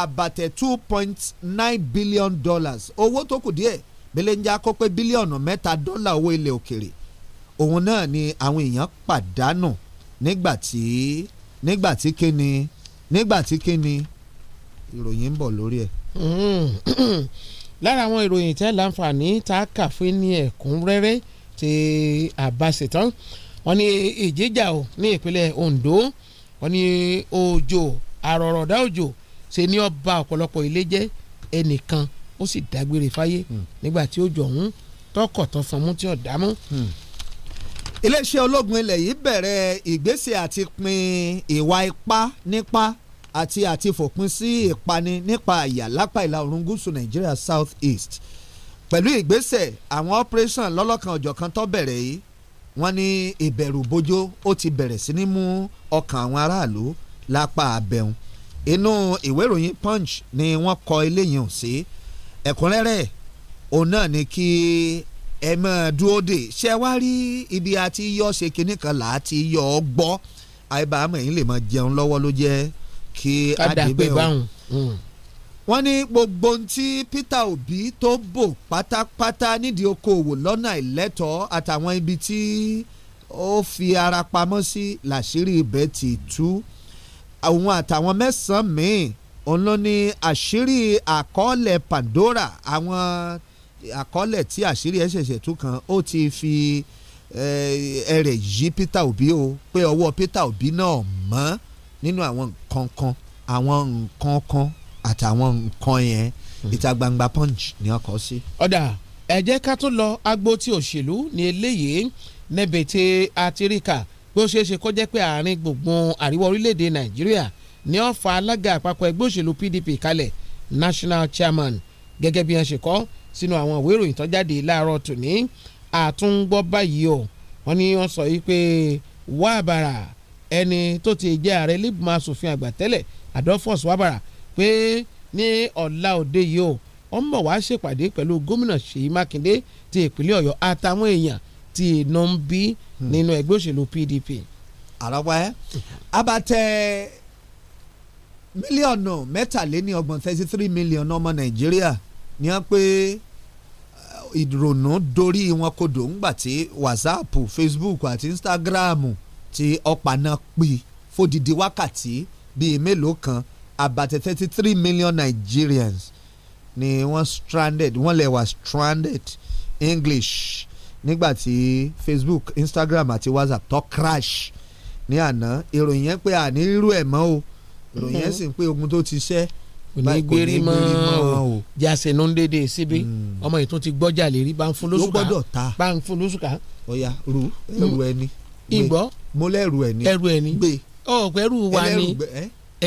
àbàtẹ̀ two point nine billion dollars owó tó kù díẹ̀ belenja kó pé bílíọ̀nù mẹ́ta dọ́là owó ilẹ̀ òkèrè òun náà ni àwọn èèyàn pàdánù nígbàtí nígbàtí kíni nígbàtí kíni ìròyìn ń bọ̀ lórí ẹ̀. lára àwọn ìròyìn tẹ́ láǹfààní tá a kà fún ní ẹ̀kúnrẹ́rẹ́ ti àbáṣetán wọ́n ní ìjíjà o ní ìpínlẹ̀ Ondo wọ́n ni òjò àrọ̀rọ̀dá òjò ṣe ní ọba ọ̀pọ̀lọpọ̀ ilé jẹ́ ẹnìkan ó sì dágbére fáyé hmm. nígbà tí òjò ọ̀hún tọkọ̀tọ̀ fọmú tí ò dámú. Hmm. iléeṣẹ́ ológun ilẹ̀ yìí bẹ̀rẹ̀ ìgbésẹ̀ àti pin ìwà ipá nípa àti àti fòpin sí ìpani nípa àyà lápá ìlà oòrùn gúúsù nàìjíríà south east pẹ̀lú ìgbésẹ̀ àwọn operation lọ́lọ́kan ọ̀jọ̀kan tó bẹ̀rẹ̀ yìí wọ́n ní ìbẹ̀rù bójó ó ti bẹ̀rẹ̀ sí ní mú ọkàn àwọn aráàlú lápá abẹ́hùn inú ìwé ìròyìn punch ni wọ́n kọ eléyìí hàn sí ẹ̀kúnrẹ́rẹ́ òun náà ni kí ẹ máa dúró dè ṣé wá rí ibi àti yọ ṣe kinní kan là á ti yọ ọ gbọ́ àìbámu ẹ̀yìn lè máa jẹun lọ́wọ́ ló jẹ́ kí a débẹ̀ o hmm. wọ́n ní gbogbo ohun tí Peter Obi tó bò pátápátá nídìí okòòwò lọ́nà ìlẹ́tọ̀ọ́ àtàwọn ibi tí ó fi ara pamọ́ sí làṣírí ibẹ̀ ti tú òun àtàwọn mẹ́sàn-án míì òun ló ní àṣírí àkọọ́lẹ̀ Pandora àwọn àkọọ́lẹ̀ tí àṣírí ẹ̀ ṣẹ̀ṣẹ̀ tú kan ó ti fi eh, ẹ̀rẹ̀ yí Peter Obi o pé ọwọ́ Peter Obi náà mọ́. No, nínú àwọn nǹkan kan àwọn nǹkan kan àtàwọn nǹkan yẹn hmm. ìta gbangba punch ni wọ́n kọ sí. ọ̀dà ẹ jẹ́ ká tó lọ agbo ti òṣèlú ní eléyìí níbi tí àtiríkà bó ṣeé ṣe kó jẹ́ pé àárín gbùngbùn àríwá orílẹ̀-èdè nàìjíríà ni wọ́n fa alága àpapọ̀ ẹgbẹ́ òṣèlú pdp kalẹ̀ national chairman gẹ́gẹ́ bí wọ́n ṣe kọ́ sínú àwọn ìwé ìròyìn tó jáde láàárọ̀ tòní àtúngbọ́ báyìí o wọ́n ní wọ́n sọ yìí pé wàá bàrà ẹni tó ti jẹ́ ààrẹ lẹ́gbìmọ̀ asòfin àgbà tẹ́lẹ̀ adolphus wabara pé ní ọ̀la òde yìí o wọ́n bọ̀ wá ṣèpàdé pẹ̀lú gómìnà ṣèyí mákindé ti ìpínlẹ̀ ọ̀yọ́ àtàwọn èèyàn tí iná ń bí nínú ẹgbẹ́ òṣèlú pdp. àràpá ẹ abatẹ mílíọ̀nù mẹ́tàléníọgbọ̀n thirty three million ọmọ nàìjíríà ni wọ́n pé ìrònú dorí wọn kodò ńgbà tí whatsapp facebook àti instagram tí ọ̀pá náà pè fódìdí wákàtí bíi mélòó kan about thirty three million Nigerians ni wọ́n stranded wọ́n lè wà stranded English nígbàtí Facebook Instagram àti WhatsApp tó crash ní àná ìròyìn yẹn pé àní rírú ẹ̀ mọ́ o ìròyìn yẹn mm-hmm. sì ń pé ogun tó ti ṣẹ́ onígbèrí mọ jáse ló ń síbi ọmọ yìí tún ti gbọ́jà lérí bá ń fún lóṣù kan bá ń fún lóṣù kan. ọ̀ya ru ẹrù mm. ẹni. ìgbọ́ mo lẹ́rù ẹ̀ ní. ẹrù ẹ̀ ní ọ pẹ̀rù wa ni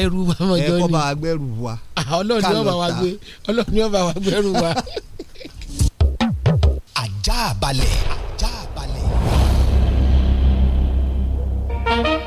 ẹrù wa mọ̀jọ́ ni. ẹ kọ́ bá wa gbẹ́rù wa. ọlọ́run ni ọba wa gbé ọlọ́run ọba wa wa.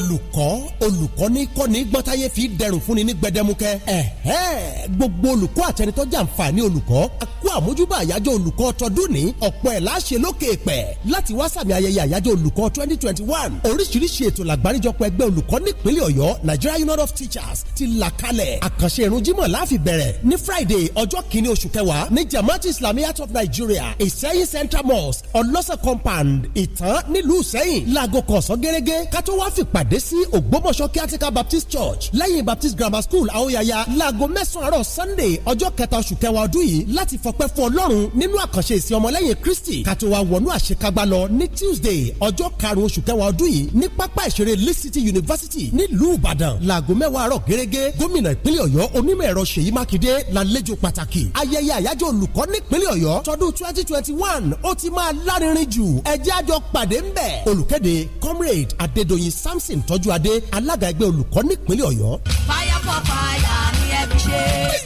olùkọ́ olùkọ́ ní kọ́ni gbọ́táyé fi dẹrùn fúnni ní gbẹdẹmukẹ. ẹ̀hẹ́ gbogbo olùkọ́ àtẹnitọ́ jàǹfààní olùkọ́ àkó àmójúbà àyájọ́ olùkọ́ tọdún ní ọ̀pọ̀ ẹ̀ láṣẹ lókè pẹ̀ láti wá sàmì ayẹyẹ àyájọ́ olùkọ́ twenty twenty one oríṣiríṣi ètò làgbáríjọpọ̀ ẹgbẹ́ olùkọ́ nípínlẹ̀ ọ̀yọ́ Nigeria Union of Teachers ti là kalẹ̀ àkànṣe ìrun jímọ̀ láàfin bẹ̀rẹ̀ ní Friday ọjọ́ kìíní oṣù kẹwàá ní Jamaat Islamiyat of Nigeria Ìsẹ́yìn Central Mosque ọlọ́sẹ̀ compound ìtàn nílùú Ìsẹ́yìn láago kọ̀ọ̀sán gẹ́gẹ́ kátó wá fìpàdé pàdé sí ògbómọ̀ṣọ́ kíátíkà baptist church lẹ́yìn baptist grammar school àwòyàyà láago mẹ́sàn-án àárọ̀ sunday ọjọ́ kẹta oṣù kẹwàá ọdún yìí láti fọpẹ́ fún ọlọ́run nínú àkànṣe ìsìn ọmọlẹ́yìn kristi kàtó wa wọnú àṣekágbá lọ ní tuesday ọjọ́ karùn-ún oṣù kẹwàá ọdún yìí ní pápá ìṣeré lee city university nílùú ìbàdàn láago mẹ́wàá àárọ̀ gẹ́gẹ́ gómìnà ìpínlẹ̀ ọ̀yọ́ onímọ̀ ẹ̀rọ ṣèyí mákindé lálejò pàtàkì ayẹyẹ àyájọ́ olùkọ́ nípínlẹ̀ ọ̀yọ́ tọdún twenty twenty one ó ti máa lárinrin jù ẹ jẹ́ á jọ pàdé ńbẹ̀ olùkéde comrade adédoyin samson Johnson tọ́jú adé alága ẹgbẹ́ olùkọ́ nípínlẹ̀ Ọ̀yọ́. fire for fire ni ẹ fi ṣe.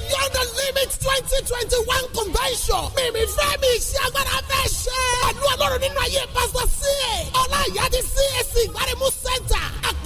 beyond the limit twenty twenty one convention mímí fẹ́mi iṣẹ́ agbára fẹ́ ṣe. pẹ̀lú ọlọ́run nínú ayé pásítọ̀ sí ẹ̀ ọlá ìyá di CAC ìgbàrimú center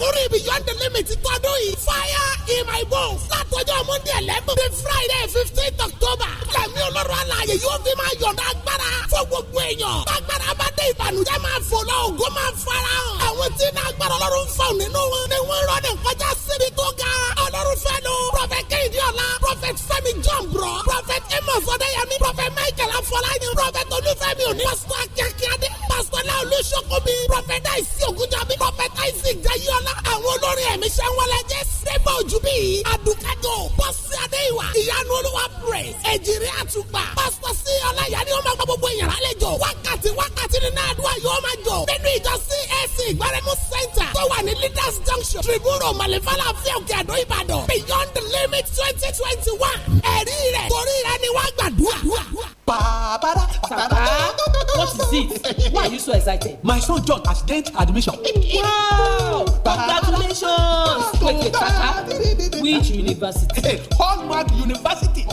lórí beyond the limit tọdún yìí. fire in my bones. látọjọ́ monday eleven the friday fifteen october. lẹ́mí olóró àlàyé yóò fi máa yọ̀ǹda agbára fún gbogbo èèyàn. agbára bá dé ìbànújẹ́ máa fòlọ́ ògo máa fara hàn. àwọn tí iná agbára ọlọ́run fà nínú wọn. ni wọ́n rọ́ ní kọjá síbi tó ga. ọlọ́run fẹ́ lò. prophet kehinde ọ̀la. prophet fẹ́mi john bro. prophet amos ọ̀dẹ́yẹmí. prophet michael afọláyàn. prophet olúfẹ́mi òní. pásítọ̀ akíákíá dé Fọlá Olúṣokòbí. Prọfẹ̀tà Ìsí Ògúnjọ́bí. Prọfẹ̀tà Ìsí Jayọ́lá. Àwọn olórin ẹ̀mí Ṣẹ́wọ́lá jẹ́ Sẹ́bà Òjúbí. Àdùkájọ Bọ́sí Adéìwà. Ìyanu Olúwa Praise. Ẹ̀jìrì Àtùpà. Pásítọ̀ sí Ọláyà ni ó máa gba gbogbo ìyàrá lẹ́jọ́. Wákàtí wákàtí nínú àdúrà yóò máa jọ. Nínú ìjọ CAC Ìgbárẹ́mú Center tó wà ní Leaders Junction. Tribúrò Màlẹ́fàlà Fẹ́ Òkè Àdó Ìbàdàn. Beyond the limit twenty twenty one. Ẹ̀rí rẹ̀ torí rẹ̀ ni wọ́n gbàdúrà. What is it? Why are you so excited? My son John has gained admission. Wow! Congratulations! Which university? Hey, Hallmark University.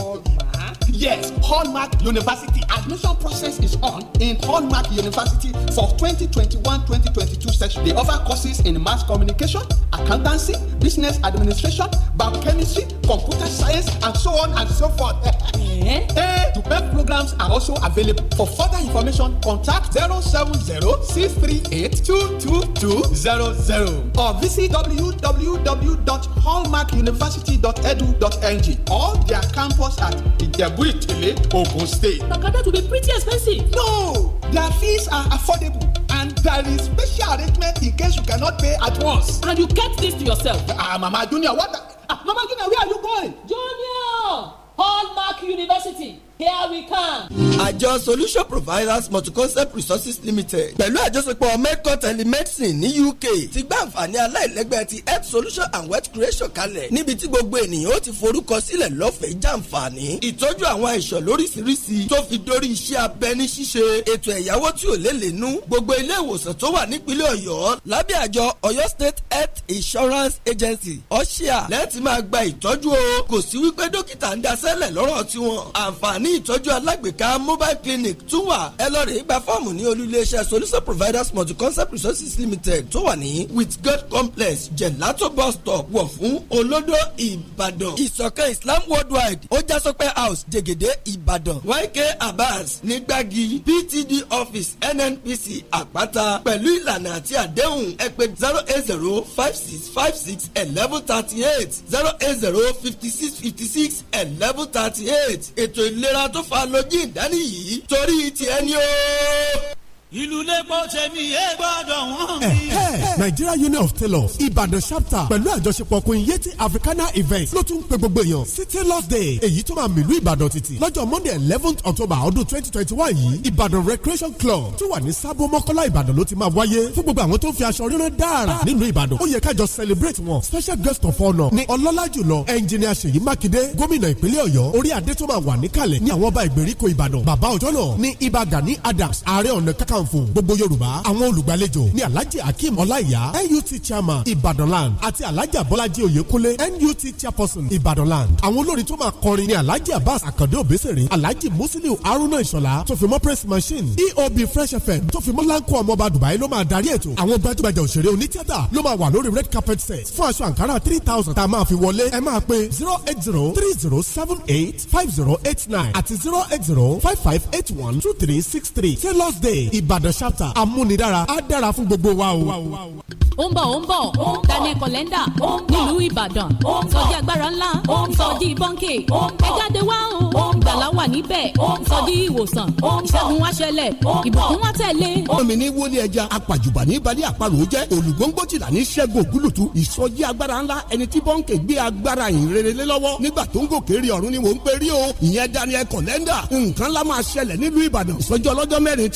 Yes, Hallmark University admission process is on in Hallmark University for 2021-2022 session. They offer courses in mass communication, accountancy, business administration, biochemistry, computer science, and so on and so forth. eh? eh, the best programs are also available. For further information, contact 070-638-22200 or visit www.hallmarkuniversity.edu.ng or their campus at Ijebu. Ìjẹ̀bú Ìtìlé, Ogun State. Makada to be pretty expensive. No, their fees are affordable and there is special arrangement in case you cannot pay at once. And you kept this to yourself. Ah, Mama Junior, what? The... Ah, Mama Junior, where are you going? Junior, Hallmark University. Here we come. Àjọ Solution Providers Multi-Concept Resources Limited pẹ̀lú àjọṣepọ̀ Medco Telemedicine ní UK ti gbá àǹfààní aláìlẹ́gbẹ́ ti Health Solution and Wealth Creation kalẹ̀ níbi tí gbogbo ènìyàn ó ti forúkọ sílẹ̀ lọ́fẹ̀ẹ́ jàǹfààní. Ìtọ́jú àwọn àìsàn lóríṣiríṣi tó fi dórí iṣẹ́ abẹ ní ṣíṣe ètò ẹ̀yáwó tí ò lélẹ̀ nú gbogbo ilé ìwòsàn tó wà nípínlẹ̀ Ọ̀yọ́ lábẹ́ àjọ Ọ̀yọ́ State Health Insurance Agency ọ̀ṣíà lẹ́ẹ̀tì máa gba ìtọ́jú o kò sí wípé dókítà ń daṣẹ́lẹ̀ lọ́rọ̀ tiwọn àǹfààní ìtọ́jú alágbèéká mobile clinic tún wà ẹ lọ rè é gba fọ́ọ̀mù ní olú-iléeṣẹ́ solution providers multi-concept resources limited tó wà ní with god complex gelato bus stop wọ̀ fún olódó ìbàdàn ìsọ̀kan islam worldwide ó já house jẹ̀gẹ̀dẹ̀ ìbàdàn yk abbas nígbàgì ptd office nnpc àpáta pẹ̀lú ìlànà àti àdéhùn ẹ zero eight zero five six five six eleven thirty eight zero eight zero fifty six fifty six eleven thirty eight ètò ìlera tó fa lójú ìdání yìí torí ti ẹni o ìlú lẹ́pọ̀ tẹ̀mí ẹ gbọ́dọ̀ wọ́n mi. Eh, eh, eh. Nigeria Union of Tailors Ìbàdàn chapter pẹ̀lú àjọṣepọ̀ Kòyẹ́tì Africana event ló tún pe gbogbo èèyàn sí Tailors Day èyí tó máa mìlú Ìbàdàn títì lọ́jọ́ Monday eleventh October ọdún twenty twenty one yìí Ìbàdàn Recreation Club tó wà ní Sábó Mọ́kọ́lá Ìbàdàn ló ti máa wáyé fún gbogbo àwọn tó ń fi aṣọ rírán dára nílùú Ìbàdàn ó yẹ kájọ celebrate wọn special guest of honour ni ọlọ́lá jùlọ ẹnjìnìà Ṣèyí Mákindé gómìnà ìpínlẹ̀ Ọ̀yọ́ orí adé tó máa wà níkàlẹ̀ ní àwọn ọba ìgbèríko Ìbàdàn bàbá ọjọ́ náà ni Ìbà Gani Adams ààrẹ ọ̀nà kakan kànfún gbogbo yorùbá àwọn olùgbàlejò ní alhaji akeem ọláìyá nut chairman ibadanland àti alhaji abọ́lájí oyèkúnlé nut chairperson ibadanland àwọn olórin tó máa kọrin ní alhaji abbas akande obesere alhaji musiliu haruna ìṣọ̀lá tó press machine eob fresh fm tó fi mọ́ lanko ọmọọba dubai ló máa darí ètò àwọn gbajúgbajà òṣèré onítìátà ló máa wà lórí red carpet set fún aṣọ àǹkárá three thousand tá a máa fi wọlé ẹ máa pe zero eight zero three zero seven eight five zero eight nine àti zero eight zero five five eight one two three six three tailors day ìbàdàn Ìbàdàn ṣáptà amúnidára á dára fún gbogbo wa o. ó ń bọ̀ ó ń bọ̀ Daniel Kolenda nílùú Ìbàdàn sọjí agbára ńlá sọjí bọ́ńkì ẹ jáde wá o gbàlá wà níbẹ̀ sọjí ìwòsàn ìṣẹ́gun wá ṣẹlẹ̀ ìbùkún wá tẹ̀lé. omi ní wọlé ẹja apàjùbà ní balẹ̀ àparò jẹ́ olùgbòǹgbò tìlà ní ṣẹ́gun ògúlùtù ìsọjí agbára ńlá ẹni tí bọ́ńkì gbé agbára ìrere lọ́wọ́ nígbà tó ń gòkè rí ọ̀run ni o ìyẹn Daniel Kolenda nǹkan lá máa ṣẹlẹ̀ nílùú Ìbàdàn ìsọjí ọlọ́jọ́ mẹ́rin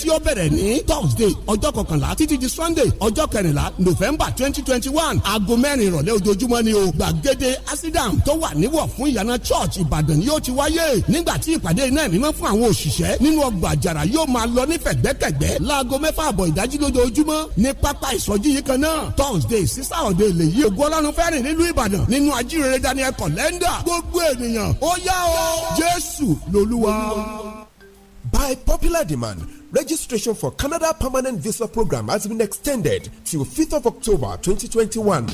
thursday ọjọ́ kọkànlá títí di sunday ọjọ́ kẹrìnlá november twenty twenty one aago mẹ́rin ìrọ̀lẹ́ ojoojúmọ́ ni o gbàgede asidam tó wà níwọ̀ fún ìyànà church ìbàdàn yóò ti wáyé nígbà tí ìpàdé iná ẹ̀mí mọ́ fún àwọn òṣìṣẹ́ nínú ọgbà àjàrà yóò máa lọ ní fẹ̀gbẹ́kẹ̀gbẹ́ láago mẹ́fà àbọ̀ ìdájí lójoojúmọ́ ní pápá ìsọjí yìí kan náà thursday sísá òde lè yí ògo ọlọ́run fẹ́rìn nílùú ìbàdàn nínú ajírere daniel kọ̀lẹ́ndà gbogbo ènìyàn ó yá o jésù lolúwa. by popular demand Registration for Canada Permanent Visa Program has been extended till 5th of October 2021.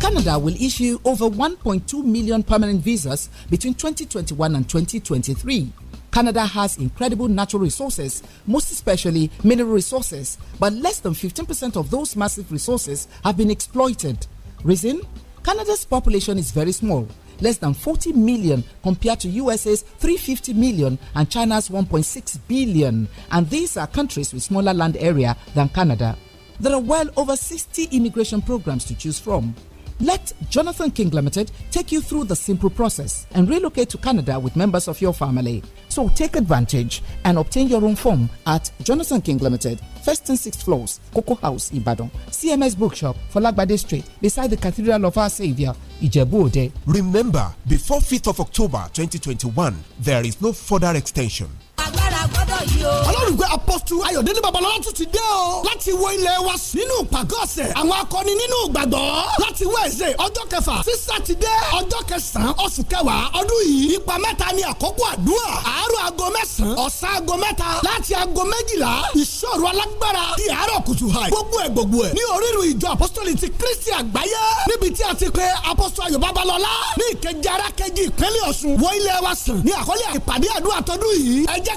Canada will issue over 1.2 million permanent visas between 2021 and 2023. Canada has incredible natural resources, most especially mineral resources, but less than 15% of those massive resources have been exploited. Reason? Canada's population is very small less than 40 million compared to USA's 350 million and China's 1.6 billion. And these are countries with smaller land area than Canada. There are well over 60 immigration programs to choose from. Let Jonathan King Limited take you through the simple process and relocate to Canada with members of your family. So take advantage and obtain your own form at Jonathan King Limited first and sixth floors Coco House Ibadan CMS Bookshop Folagbade Street beside the Cathedral of Our Saviour Ijebu Ode. Remember before 5th of October 2021 there is no further extension agbára gbọ́dọ̀ yí o. olórùgbé apọ́sù ayọ̀délé babalọ́lá tún ti dé o. láti wo ilẹ̀ wa nínú ìpàgọ́ ọ̀sẹ̀ àwọn akọni nínú ìgbàgbọ́. láti wẹ̀ẹ́sẹ̀ ọjọ́ kẹfà sí sátidé ọjọ́ kẹsàn-án oṣù kẹwàá ọdún yìí. ipa mẹ́ta ni àkókò àdúrà. àárọ̀ aago mẹ́sàn-án ọ̀sán aago mẹ́ta láti aago méjìlá ìṣòro alágbára di àárọ̀ kùtù hàì. gbogbo ẹ̀ gbogbo ẹ̀ ní orírun ìjọ apostoli ti kristi àgbáyé níbi tí a ti pe apostol ayọ̀ babalọ́lá ní ìkejì arákejì ìpínlẹ̀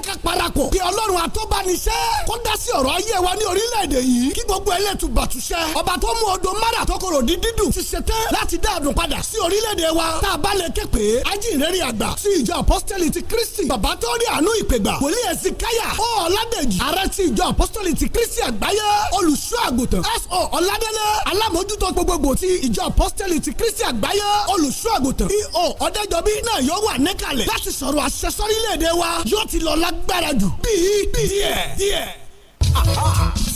jẹ́ ká parapọ̀. bí ọlọ́run àtọ́bániṣẹ́ kó dá sí ọ̀rọ̀ ayé wa ní orílẹ̀-èdè yìí kí gbogbo ẹlẹ́tù bàtúṣẹ́. ọba tó mú odò mara tọkọrọ di dídùn ti ṣetẹ́ láti dá padà sí orílẹ̀-èdè wa. tá a bá lè ké pé ajínrere àgbà sí ìjọ apọ́sítẹ́lì ti kristi bàbá tó rí àánú ìpègbà wòlíì ẹ̀sìn káyà ó ọ̀làdèjì ààrẹ ti ìjọ apọ́sítẹ́lì ti kristi àgbáyé olùṣọ́ àgùntàn s.o. ọ̀làdélé alámòjútó gbogbogbò ti ìjọ apọ́sítẹ́lì ti kristi àgbáyé olùṣọ́ àgùntàn e.o. ọ̀dẹ́jọbí náà yóò wà níkàlẹ̀ láti sọ̀rọ̀ àṣẹ sórílẹ̀-èdè wa yóò ti lọ́la lágbára jù bíi díẹ̀ díẹ̀.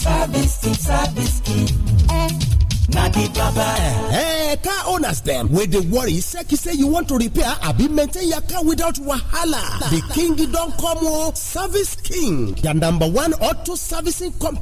service team service King, na di baba eh car owners dem wey dey worry seki say you want to repair abi maintain your car without wahala The king don come o oh, service king dia number one auto servicing company